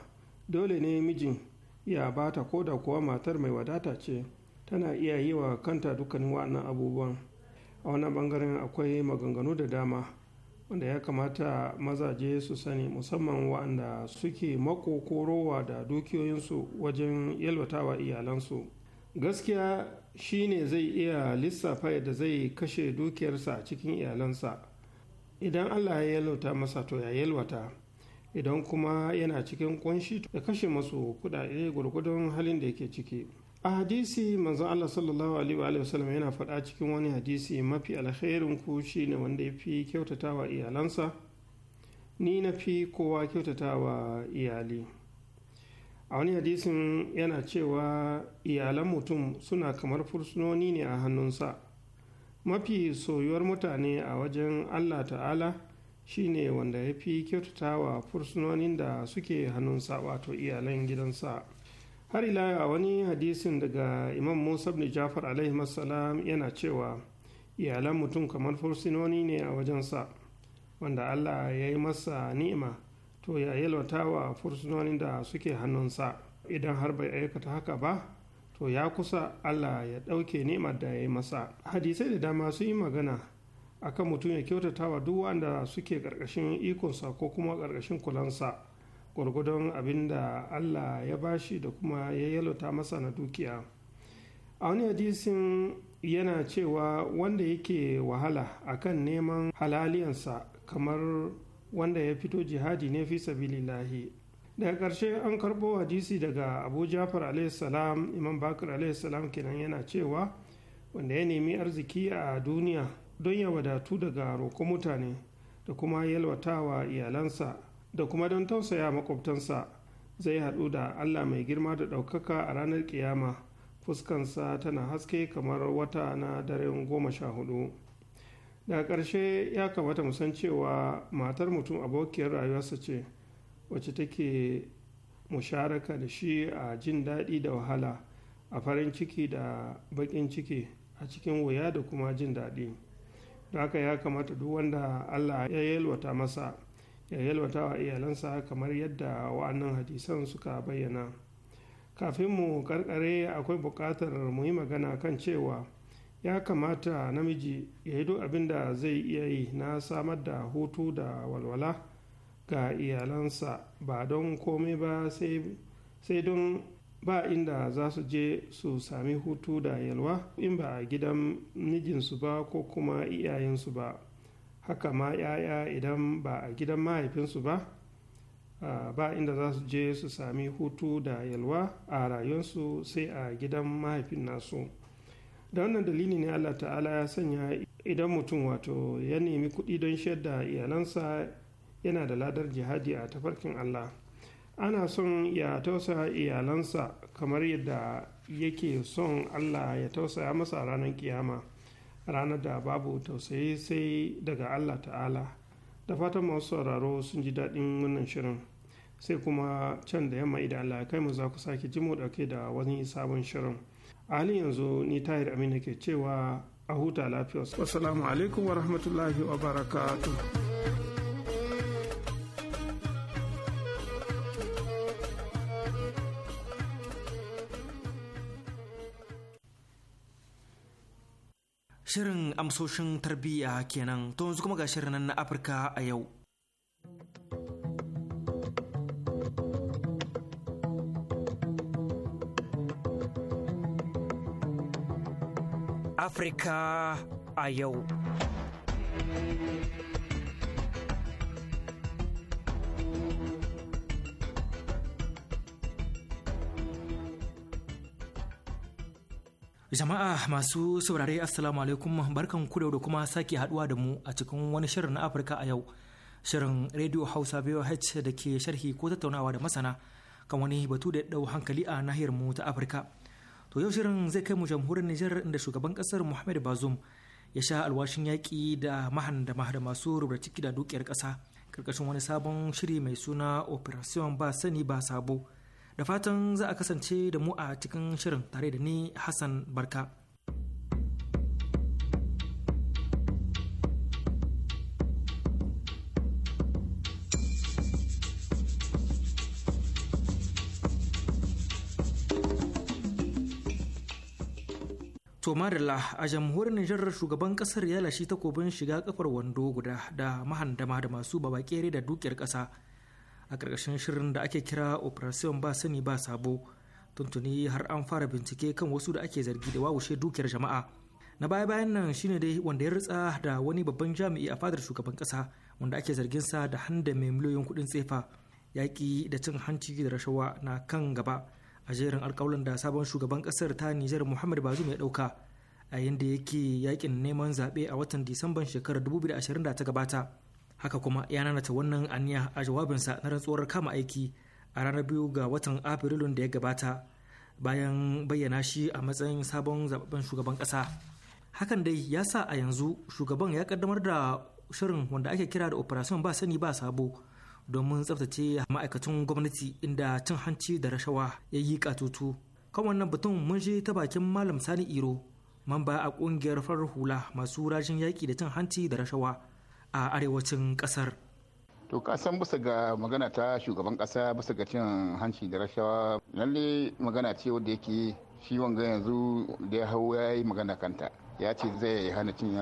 dole ne mijin ya ba ta koda kuwa matar mai wadata ce tana iya yi wa kanta dukkanin wa'annan abubuwan a wannan bangaren akwai maganganu da dama wanda ya kamata mazaje su sani musamman wa'anda suke makokorowa da dukiyoyinsu wajen yalwatawa iyalansu gaskiya shi ne zai iya lissafa da zai kashe dukiyarsa a cikin iyalansa idan allah ya yalwata masa to ya yalwata idan kuma yana cikin kunshi ya kashe masu kudade gwargwadon halin da yake ciki a hadisi manzon Allah sallallahu alaihi wa sallam yana faɗa cikin wani hadisi mafi alkhairin ku ne wanda ya fi kyautatawa iyalansa ni na fi kowa kyautatawa iyali a wani hadisin yana cewa iyalan mutum suna kamar fursunoni ne a hannunsa mafi soyuwar mutane a wajen Allah ta'ala shine wanda ya fi kyautata wa fursunonin da suke hannunsa wato iyalan gidansa har ila a wani hadisin daga imam musa bin jafar alaihi salam yana cewa iyalan mutum kamar fursunoni ne a wajensa wanda allah ya yi masa ni'ima to ya yalwata wa fursunonin da suke hannunsa idan har bai aikata haka ba to ya kusa allah ya ɗauke ni'imar da ya yi masa hadisai da dama su yi magana akan mutum ya kyautata wa duk wanda suke ƙarƙashin ikonsa ko kuma ƙarƙashin kulansa gwargwadon abin da allah ya bashi da kuma ya yalota masa na dukiya a wani hadisin yana cewa wanda yake wahala akan neman halaliyansa kamar wanda ya fito jihadi ne fi sabilillahi daga ƙarshe an karɓo hadisi daga abu jafar alaihissalam imam bakar alaihissalam kenan yana cewa wanda ya nemi arziki a duniya don ya wadatu daga roƙo mutane da kuma yalwatawa iyalansa da kuma don tausaya makwabtansa zai haɗu da allah mai girma da ɗaukaka a ranar ƙiyama fuskansa tana haske kamar wata na daren goma sha hudu da ƙarshe ya kamata mu san cewa matar mutum abokiyar rayuwarsa ce wacce take musharaka da shi a jin daɗi da wahala a farin ciki da baƙin ciki a cikin wuya da kuma jin daɗi haka ya kamata duk wanda allah ya yalwata masa ya yalwata wa iyalansa kamar yadda wa'annan hadisan suka bayyana kafin mu karkare akwai bukatar mu yi magana kan cewa ya kamata namiji ya yi duk abin da zai iya yi na samar da hutu da walwala ga iyalansa ba don komai ba sai don ba inda za su je su sami hutu da yalwa in ba a gidan mijinsu ba ko kuma iyayensu ba haka ma 'ya'ya idan ba a gidan mahaifinsu ba ba inda za su je su sami hutu da yalwa a rayuwarsu sai a gidan mahaifin nasu da wannan dalili ne allah ta'ala ya sanya idan mutum wato ya nemi kuɗi don shaidar iyalansa yana da ladar jihadi a tafarkin allah ana son ya tausa iyalansa kamar yadda yake son allah ya tausaya masa ranar kiyama ranar da babu tausayi sai daga allah ta'ala da fatan masu sauraro sun ji daɗin wannan shirin sai kuma can da yamma idan allah kai mu za ku sake ji mu ɗauke da wani sabon shirin a halin yanzu ni tahir amina ke cewa a huta lafiya wasu alaikum wa rahmatullahi wa barakatuh Shirin amsoshin tarbiyya kenan to yanzu kuma ga shirin na Afirka a yau. Afirka a yau. Jama'a masu saurare Assalamu alaikum barkan ku da kuma sake haduwa da mu a cikin wani shirin na Afirka a yau. Shirin Radio Hausa VOH da ke sharhi ko tattaunawa da masana kan wani batu da dau hankali a nahiyar mu ta Afirka. To yau shirin zai kai mu jamhuriyar niger inda shugaban kasar Muhammad Bazoum ya sha alwashin yaƙi da mahan da masu rubuta ciki da dukiyar ƙasa karkashin wani sabon shiri mai suna Operation ba sani ba sabo. da fatan za a kasance da mu a cikin shirin tare da ni hassan barka To a jamhuriyar Nijar shugaban kasar ya lashe takobin shiga kafar wando guda da mahandama da masu babakere da dukiyar kasa a ƙarƙashin shirin da ake kira operation ba sani ba sabo tuntuni har an fara bincike kan wasu da ake zargi da wawushe dukiyar jama'a na baya bayan nan shine dai wanda ya ritsa da wani babban jami'i a fadar shugaban kasa wanda ake zargin sa da handa mai miliyoyin kuɗin tsefa yaƙi da cin hanci da rashawa na kan gaba a jerin alƙawalin da sabon shugaban kasar ta Nijar Muhammad Bazoum ya ɗauka a yayin da yake yaƙin neman zaɓe a watan Disamban shekarar 2020 ta gabata. haka kuma ya nanata wannan aniya a jawabinsa na rantsuwar kama aiki a ranar biyu ga watan afrilun da ya gabata bayan bayyana shi a matsayin sabon zababben shugaban kasa hakan dai ya sa a yanzu shugaban ya kaddamar da shirin wanda ake kira da operation ba sani ba sabo domin tsaftace ma'aikatan gwamnati inda cin hanci da rashawa ya yi katutu kan wannan batun mun je ta bakin malam sani iro mamba a kungiyar farar hula masu rajin yaki da cin hanci da rashawa a arewacin kasar to kasan bisa ga magana ta shugaban kasa bisa ga cin hanci da rashawa lalle magana ce wadda yake shi wanga yanzu da ya hau ya yi magana kanta ya ce zai hana cin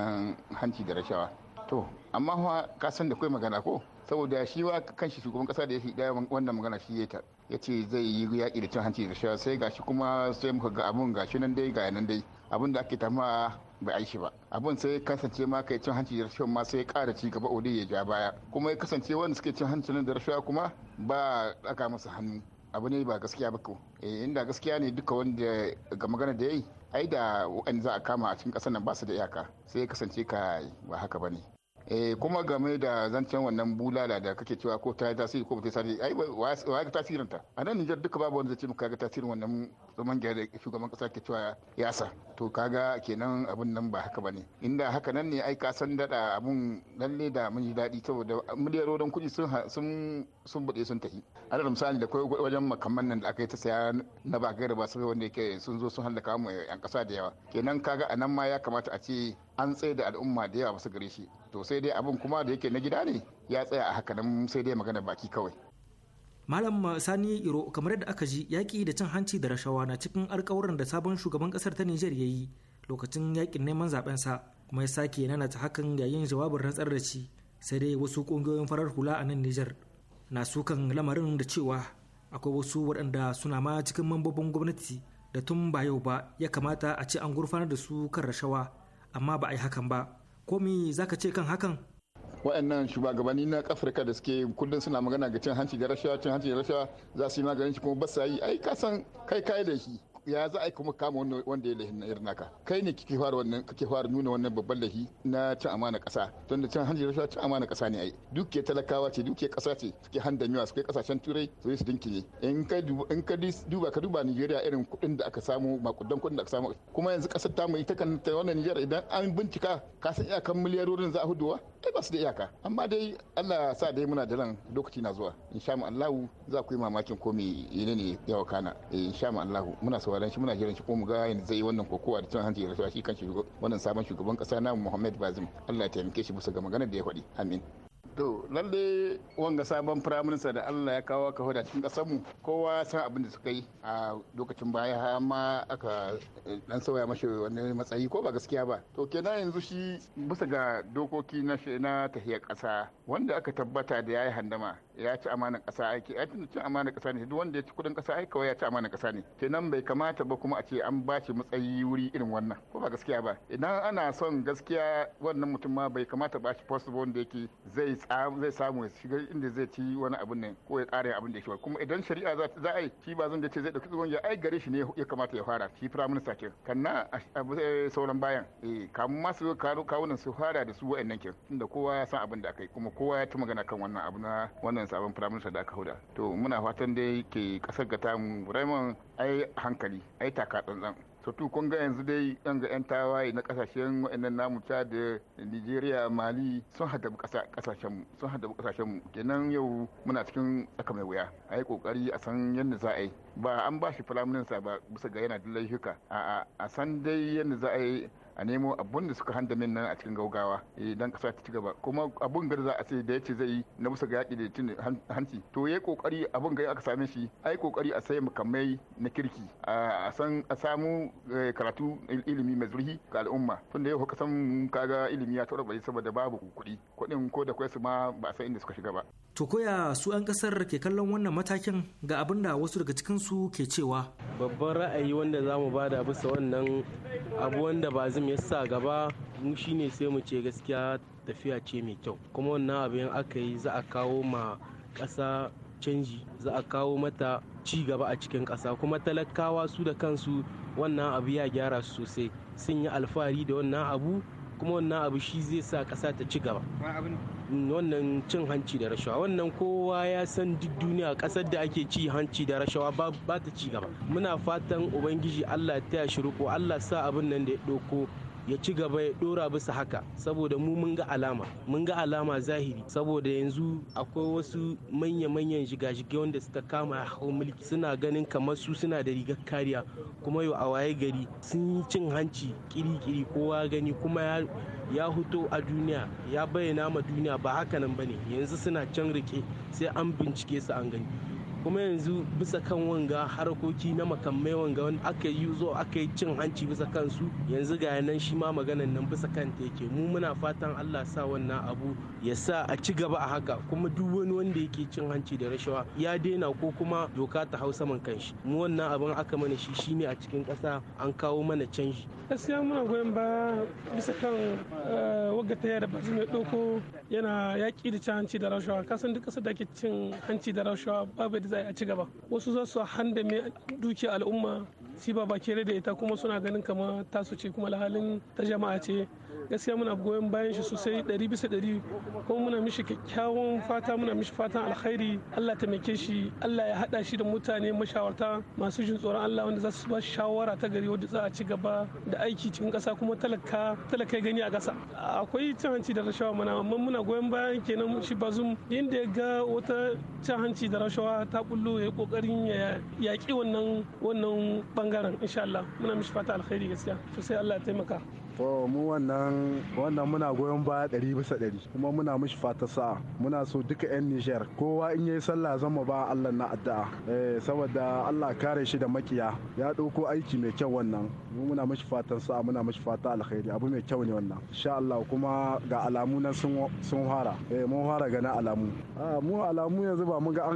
hanci da rashawa to amma kasan da kai magana ko saboda shi wa kanshi shugaban kasa da ya shiga wannan magana shi ya ta ya ce zai yi yaƙi da cin hanci da rashawa sai gashi kuma sai muka ga abun gashi nan dai ga nan dai abun da ake tama bai a shi ba abin sai ya kasance ma kai cin hanci da rashawa ma sai ya ci gaba odi ya ja baya kuma ya kasance wanda suke cin hanci da rashawa kuma ba daka masa hannu abu ne ba gaskiya ba ko eh, inda gaskiya ne duka wanda ga magana da yayi ai da wani za a kama a cikin kasar nan ba su da iyaka sai ya kasance ka ba haka ba ne eh kuma game da zancen wannan bulala da kake cewa ko ta tasiri ko ba ta tasiri ai wa ga tasirin ta a nan Nijar duka babu wanda zai ce muka ga tasirin wannan zaman gari da shugaban kasa ke cewa ya sa to kaga kenan abun nan ba haka bane inda haka nan ne ai ka san dada abun lalle da mun ji daɗi saboda miliyarorin kuɗi sun sun sun bude sun tafi alal misali da kai wajen makamman nan da aka yi ta saya na ba gari ba sai wanda yake sun zo sun hallaka mu yan kasa da yawa kenan kaga anan ma ya kamata a ce an tsaye da al'umma da yawa basu gare shi to sai dai abin kuma da yake na gida ne ya tsaya a haka nan sai dai magana baki kawai Malam Sani Iro kamar yadda aka ji yaƙi da cin hanci da rashawa na cikin alƙawuran da sabon shugaban ƙasar ta Nijar ya yi lokacin yaƙin neman zaben sa kuma ya sake ta hakan yayin jawabin rantsar da shi sai dai wasu ƙungiyoyin farar hula a nan Nijar na sukan lamarin da cewa akwai wasu waɗanda suna ma cikin mambobin gwamnati da tun ba yau ba ya kamata a ce an gurfanar da su kan rashawa amma ba a yi hakan ba ko za ka ce kan hakan wa'annan shugabanni na afirka da suke kullum suna magana ga cin hanci da rashawa cin hanci da rashawa za su yi maganin shi kuma basa yi ai kasan kai kai da shi ya za a yi kuma kama wanda ya lahin irin naka kai ne kike fara wannan kake fara nuna wannan babban lahi na cin amana kasa don da cin hanji rashin cin amana kasa ne ai duke talakawa ce duke kasa ce suke handa miwa suke kasashen turai su su dinki ne in ka in ka duba ka duba Nigeria irin kuɗin da aka samu makudan kuɗin da aka samu kuma yanzu kasar ta mai ta kan wannan Nigeria idan an bincika ka san iyakan miliyarorin za a huduwa ai ba su da iyaka amma dai Allah sa dai muna da ran lokaci na zuwa mu Allahu za ku yi mamakin ko me yene ne ya eh, sha mu Allahu muna sauraron shi muna jiran shi ko mu ga yanda zai yi wannan kokowa da cin hanci ya rashawa shi kan wannan sabon shugaban kasa namu Muhammad Bazim Allah ya taimake shi bisa ga maganar da ya faɗi amin To lalle wanga sabon firaminista da Allah ya kawo ka hoda cikin kasar mu kowa san abin da suka yi a lokacin baya har ma aka dan eh, sauya mashi wani matsayi ko ba gaskiya ba. To kenan yanzu shi bisa ga dokoki na na tahiyar kasa wanda aka tabbata da yayi handama ya ci amanar kasa aiki ya cin amanar kasa ne duk wanda ya ci kudin kasa aiki kawai ya ci amanar kasa ne. Kenan bai kamata ba kuma a ce an ba shi matsayi wuri irin wannan ko ba gaskiya ba. Idan ana son gaskiya wannan mutum ma bai kamata ba shi possible wanda yake zai zai samu shiga inda zai ci wani abin nan ko ya ƙara abin da yake kuma idan shari'a za a yi shi ba zan da ce zai dauki tsohon ya ai gare shi ne ya kamata ya fara shi firayim minista ke kanna eh, eh, sauran bayan eh kamun ma su kawunan su fara da su wa'annan ke inda kowa ya san abin da aka yi kuma kowa ya ta magana kan wannan abu na wannan sabon firayim minista da aka huda to muna fatan dai ke kasar ga tamu raymond ai hankali ai taka tsantsan sautu kun ga yanzu dai yan ga yan tawaye na kasashen wa'annan namu ta da nigeria mali sun haddabu kasashen sun haddabu kasashen mu kenan yau muna cikin tsaka mai wuya a yi kokari a san yadda za a yi ba an ba shi firaminista ba bisa ga yana da laifuka a a san dai yadda za a yi a nemo abun da suka handa min nan a cikin gaugawa idan eh, kasa ta ci gaba kuma abun gar a ce da yace zai yi na busa ga yaki da cin hanci to yayi kokari abun ga aka same shi ai kokari a sai makamai na kirki a san a samu eh, karatu ilimi mai zurfi ga al'umma tunda yau ka san kaga ilimi ya tabarbare saboda babu kuɗi kuɗin ko da kwai su ma ba a san inda suka shiga ba to koya su 'yan kasar ke kallon wannan matakin ga abin da wasu daga cikin su ke cewa babban ra'ayi wanda za mu bada bisa wannan abu wanda ba zai mu ya sa gaba mu ne sai mu ce gaskiya tafiya ce mai kyau kuma wannan abin aka yi za a kawo ma ƙasa canji za a kawo mata ci gaba a cikin ƙasa kuma talakawa su da kansu wannan abu ya gyara su sosai sun yi alfahari da wannan abu kuma wannan abu shi zai sa ƙasa ta ci gaba wannan cin hanci da rashawa wannan kowa ya san duk duniya ƙasar da ake ci hanci da rashawa ba ta ci gaba muna fatan ubangiji allah ta ya shirko allah sa abin nan da ya ɗauko ya ci gaba ya dora bisa haka saboda mu mun ga alama mun ga alama zahiri saboda yanzu akwai wasu manya-manyan shiga-shige wanda suka kama hau mulki suna ganin kamar su suna da rigar kariya kuma yau a waye gari sun yi cin hanci kiri-kiri kowa gani kuma ya huto a duniya ya bayyana ma duniya ba haka nan bane yanzu suna can rike sai an bincike su an gani kuma yanzu bisa kan wanga harkoki na makamai wanga wanda aka yi zo aka yi cin hanci bisa kansu yanzu ga nan shi ma maganan nan bisa kan ta yake mu muna fatan Allah sa wannan abu ya sa a ci gaba a haka kuma duk wani wanda yake cin hanci da rashawa ya daina ko kuma doka ta hau saman kanshi mu wannan abin aka mana shi shine a cikin ƙasa an kawo mana canji gaskiya muna goyon ba bisa kan eh, wagga ta da bazin ya ɗauko yana yaƙi da cin hanci da rashawa kasan duk ƙasar da ke cin hanci da rashawa babu da za a ci gaba wasu za su mai dukiya al'umma si ba bakere da ita kuma suna ganin kama tasu ce kuma lahalin ta jama'a ce gaskiya muna goyon bayan shi sosai ɗari bisa ɗari kuma muna mishi kyakkyawan fata muna mishi fatan alkhairi Allah ta maike shi Allah ya haɗa shi da mutane mashawarta masu jin tsoron Allah wanda za su ba shawara ta gari wadda za a ci gaba da aiki cikin ƙasa kuma talaka talaka gani a ƙasa akwai cin hanci da rashawa mana amma muna goyon bayan kenan shi bazum inda ya ga wata cin hanci da rashawa ta bullo ya kokarin ya yaƙi wannan wannan bangaren insha Allah muna mishi fata alkhairi gaskiya sosai Allah ya taimaka to mu wannan wannan muna goyon baya ɗari bisa ɗari kuma muna mishi fata sa'a muna so duka 'yan nijar kowa in yayi sallah zan ba allah na addu'a eh, saboda allah kare shi da makiya ya ɗauko aiki mai kyau wannan mu muna mishi fatan sa'a muna mishi fata alkhairi abu mai kyau ne wannan insha allah kuma ga alamu nan sun fara eh, mun fara gana alamu mu alamu yanzu ba mu ga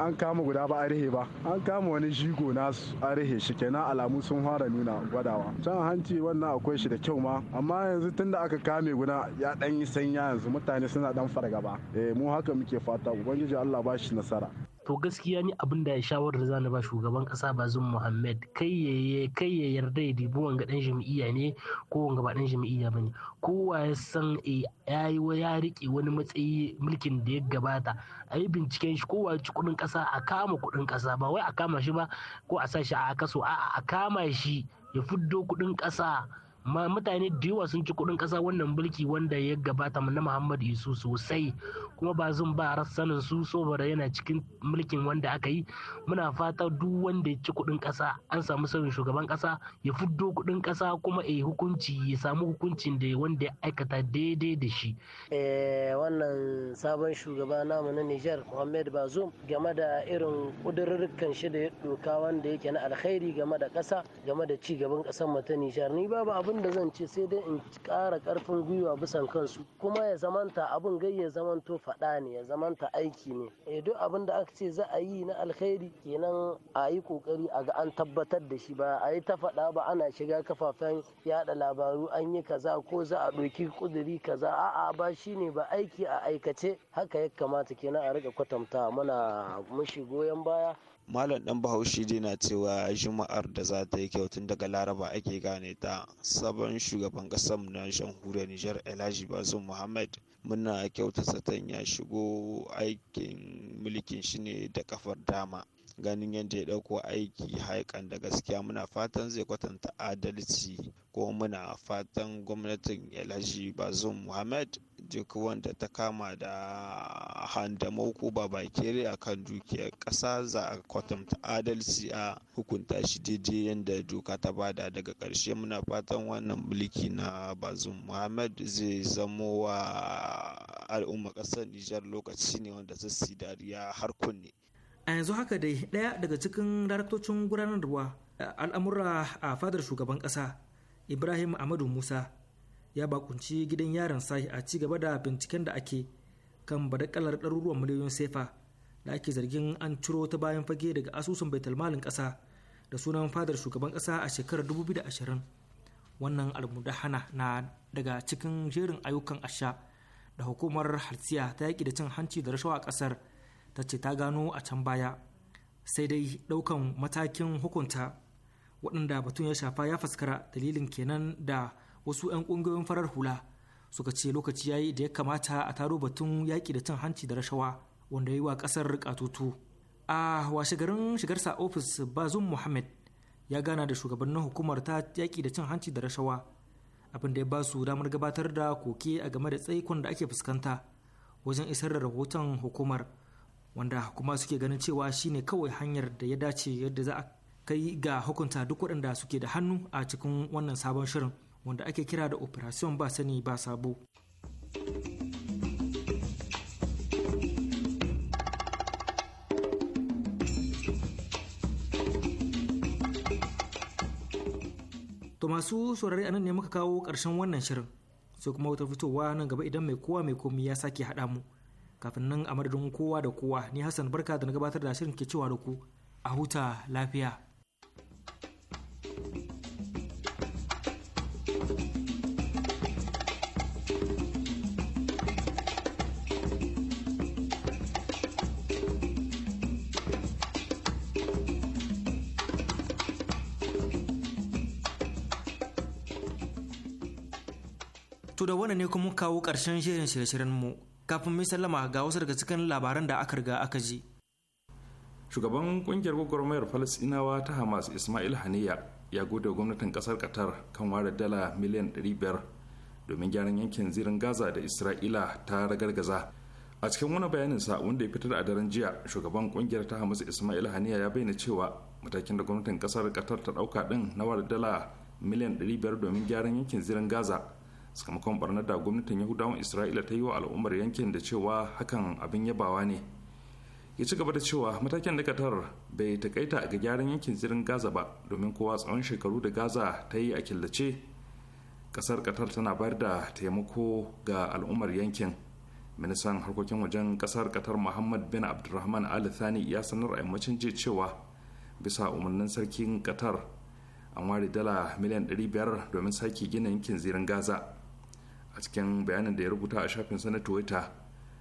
an kama guda ba a ba an kama wani jigo na a shi kenan alamu sun fara nuna gwadawa can hanci wannan akwai shi da kyau kuma amma yanzu tunda aka kame guda ya dan yi sanya yanzu mutane suna dan fargaba eh mu haka muke fata ubangiji Allah ba shi nasara to gaskiya ni abin da ya shawarar zan ba shugaban kasa bazum muhammad kai ya kai ya yarda ya dibi wanga dan jami'a ne ko wanga ba dan jami'a bane kowa ya san eh, ya wa ya rike wani matsayi mulkin da ya gabata a yi binciken shi kowa ci kudin kasa a kama kudin kasa ba wai a kama shi ba ko a sa shi a kaso a a kama shi ya fiddo kudin kasa mutane da yawa sun ci kuɗin ƙasa wannan mulki wanda ya gabata na Muhammadu Isu sosai kuma ba zan ba a sanin su saboda yana cikin mulkin wanda aka yi muna fata duk wanda ya ci kuɗin kasa an samu sauyin shugaban ƙasa ya fuddo kuɗin kasa kuma ya hukunci ya samu hukuncin da wanda ya aikata daidai da shi. Eh, wannan sabon shugaba namu na Nijar Muhammad Bazoum game da irin ƙudurrukan shi da ya doka wanda yake na alkhairi game da kasa game da ci gaban kasar mu ta Nijar ni babu abin da zan ce sai dai in ƙara ƙarfin gwiwa bisan kansu kuma ya zamanta abin gai ya zamanto faɗa ne ya zamanta aiki ne eh duk abin da aka ce za a yi na alkhairi kenan a yi kokari a ga an tabbatar da shi ba a yi ta faɗa ba ana shiga kafafen yaɗa labaru an yi kaza ko za a ɗauki ƙuduri kaza a'a ba shi ne ba aiki a aikace haka ya kamata kenan a riƙa kwatanta muna mushi goyon baya Malam ɗan Bahaushe dai na cewa Juma'ar da za ta yi kyau tun daga Laraba ake gane ta. Sabon shugaban ƙasar na jamhuriyar Nijar Alhaji bazum Muhammad muna kyautata tan ya shigo aikin mulkin shi ne da kafar dama. ganin yadda ya ɗauko aiki haikan da gaskiya muna fatan zai kwatanta adalci ko muna fatan gwamnatin Alhaji bazum Muhammad duk wanda ta kama da handamau ko babakere a kan dukiyar kasa za a kwatanta adalci a hukunta shi daidai yadda doka ta bada daga karshe muna fatan wannan mulki na bazum muhammad zai zamo wa al'umma ƙasar nijar lokaci ne wanda su dariya har kunne a yanzu haka dai daya daga cikin daraktocin gudanarwa al'amura a fadar shugaban ƙasa ibrahim amadu musa ya bakunci gidan yaron sahi a ci gaba da binciken da ake kan badakalar ɗaruruwan miliyoyin sefa da ake zargin an ciro ta bayan fage daga asusun baitulmalin ƙasa da sunan fadar shugaban ƙasa a shekarar 2020 wannan almudahana na daga cikin jerin ayyukan asha da hukumar halsiya ta yaki da cin hanci da rashawa a ƙasar ta ce ta gano a can baya sai dai ɗaukan matakin hukunta waɗanda batun ya shafa ya faskara dalilin kenan da wasu 'yan ƙungiyoyin farar hula suka ce lokaci ya yi da ya kamata a taro batun yaƙi da cin hanci da rashawa wanda ya yi wa ƙasar katutu a washe garin shigarsa ofis bazum muhammad ya gana da shugabannin hukumar ta yaƙi da cin hanci da rashawa abinda ya basu damar gabatar da koke a game da tsaikon da ake fuskanta wajen isar da rahoton hukumar wanda kuma suke ganin cewa shine kawai hanyar da ya dace yadda za a kai ga hukunta duk waɗanda suke da hannu a cikin wannan sabon shirin wanda ake kira da operation ba sani ba sabo to masu saurari anan ne muka kawo ƙarshen wannan shirin sai kuma wata fitowa nan gaba idan mai kowa mai komi ya sake haɗa mu kafin nan a madadin kowa da kowa ni hassan barka da na gabatar da shirin ke cewa da ku a huta lafiya wannan ne kuma kawo ƙarshen shirin shirye-shiryen mu kafin mai sallama ga wasu daga cikin labaran da aka riga aka ji. Shugaban kungiyar gwagwarmayar Falasɗinawa ta Hamas Ismail Haniya ya gode wa gwamnatin kasar Qatar kan ware dala miliyan 500 domin gyaran yankin zirin Gaza da Isra'ila ta ragargaza. a cikin wani sa wanda ya fitar a daren jiya shugaban kungiyar ta hamas ismail haniya ya bayyana cewa matakin da gwamnatin kasar qatar ta ɗauka ɗin na dala miliyan 500 domin gyaran yankin zirin gaza sakamakon barnar da gwamnatin yahudawan isra'ila ta yi wa al'ummar yankin da cewa hakan abin yabawa ne ya ci gaba da cewa matakin da qatar bai takaita ga gyaran yankin zirin gaza ba domin kowa tsawon shekaru da gaza ta yi a killace kasar qatar tana bayar da taimako ga al'ummar yankin ministan harkokin wajen kasar qatar muhammad bin abdulrahman al thani ya sanar a yammacin jiya cewa bisa umarnin sarkin qatar an ware dala miliyan 500 domin sake gina yankin zirin gaza a cikin bayanin da ya rubuta a shafinsa na twitter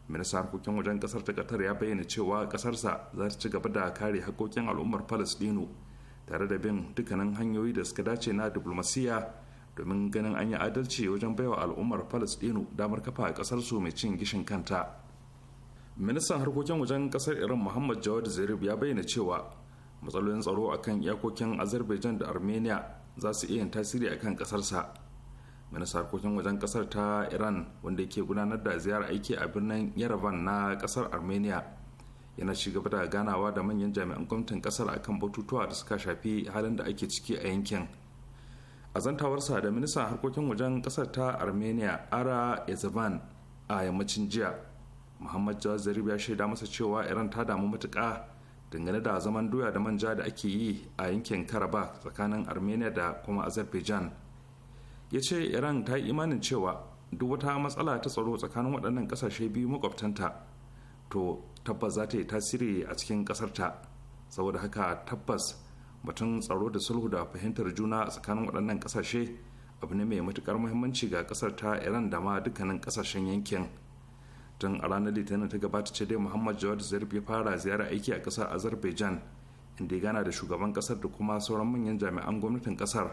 ministan harkokin wajen kasar ta katar ya bayyana cewa kasarsa za ta ci gaba da kare hakokin al'ummar palestino tare da bin dukkanin hanyoyi da suka dace na diplomasiya domin ganin an yi adalci wajen baiwa al'ummar palestino damar kafa a kasar su mai cin gishin kanta ministan harkokin wajen kasar iran muhammad jawad zarif ya bayyana cewa matsalolin tsaro akan iyakokin azerbaijan da armenia za su iya tasiri akan kasarsa minista harkokin wajen kasar ta iran wanda ke gudanar da ziyarar aiki a birnin yerevan na kasar armenia yana ci gaba da ganawa da manyan jami'an gwamnatin kasar akan batutuwa da suka shafi halin da ake ciki a yankin a zantawarsa da ministan harkokin wajen kasar ta armenia ara ezeban a yammacin jiya muhammad jawaz zarif ya shaida masa cewa iran ta damu matuka dangane da zaman doya da manja da ake yi a yankin karaba tsakanin armenia da kuma azerbaijan ya ce iran ta yi imanin cewa duk wata matsala ta tsaro tsakanin waɗannan ƙasashe biyu makwabtanta to tabbas za ta yi tasiri a cikin ƙasarta saboda haka tabbas batun tsaro da sulhu da fahimtar juna a tsakanin waɗannan ƙasashe abu ne mai matuƙar muhimmanci ga ƙasar ta iran da ma dukkanin ƙasashen yankin tun a ranar litinin ta gabata ce dai muhammad jawad zarif ya fara ziyara aiki a ƙasar azerbaijan inda ya gana da shugaban ƙasar da kuma sauran manyan jami'an gwamnatin ƙasar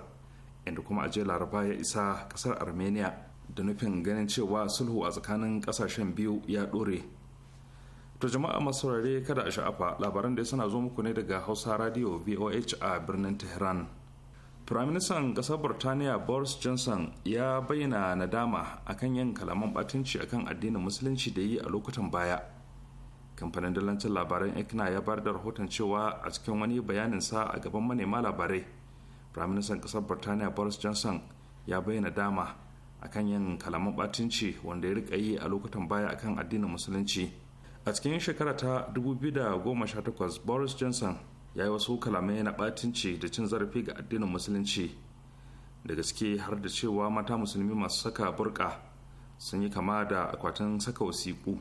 inda kuma a laraba ya isa kasar armenia da nufin ganin cewa sulhu a tsakanin kasashen biyu ya dore to jama'a masu saurare kada a sha'afa labaran da suna zo muku ne daga hausa radio voh a birnin tehran firaministan kasar burtaniya boris johnson ya bayyana nadama akan yin kalaman batunci akan addinin musulunci da yi a lokutan baya kamfanin dalancin labaran ekna ya bayar da rahoton cewa a cikin wani bayaninsa a gaban manema labarai firaministan kasar birtaniya boris johnson ya bayyana dama akan yin kalaman ɓatinci wanda ya rika yi a lokutan baya akan addinin musulunci a cikin shekara ta 2018 boris johnson ya yi wasu kalamai na ɓatinci da cin zarafi ga addinin musulunci da gaske har da cewa mata musulmi masu saka burka sun yi kama da akwatin saka wasiƙu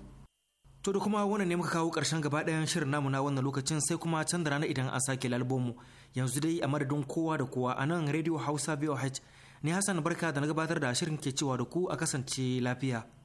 To da kuma wannan ne muka kawo ƙarshen gaba ɗayan shirin namu na wannan lokacin sai kuma can da rana idan an sake lalbomu yanzu dai a madadin kowa da kowa a nan Radio Hausa VOH ne Hassan Barka da na gabatar da shirin ke cewa da ku a kasance lafiya.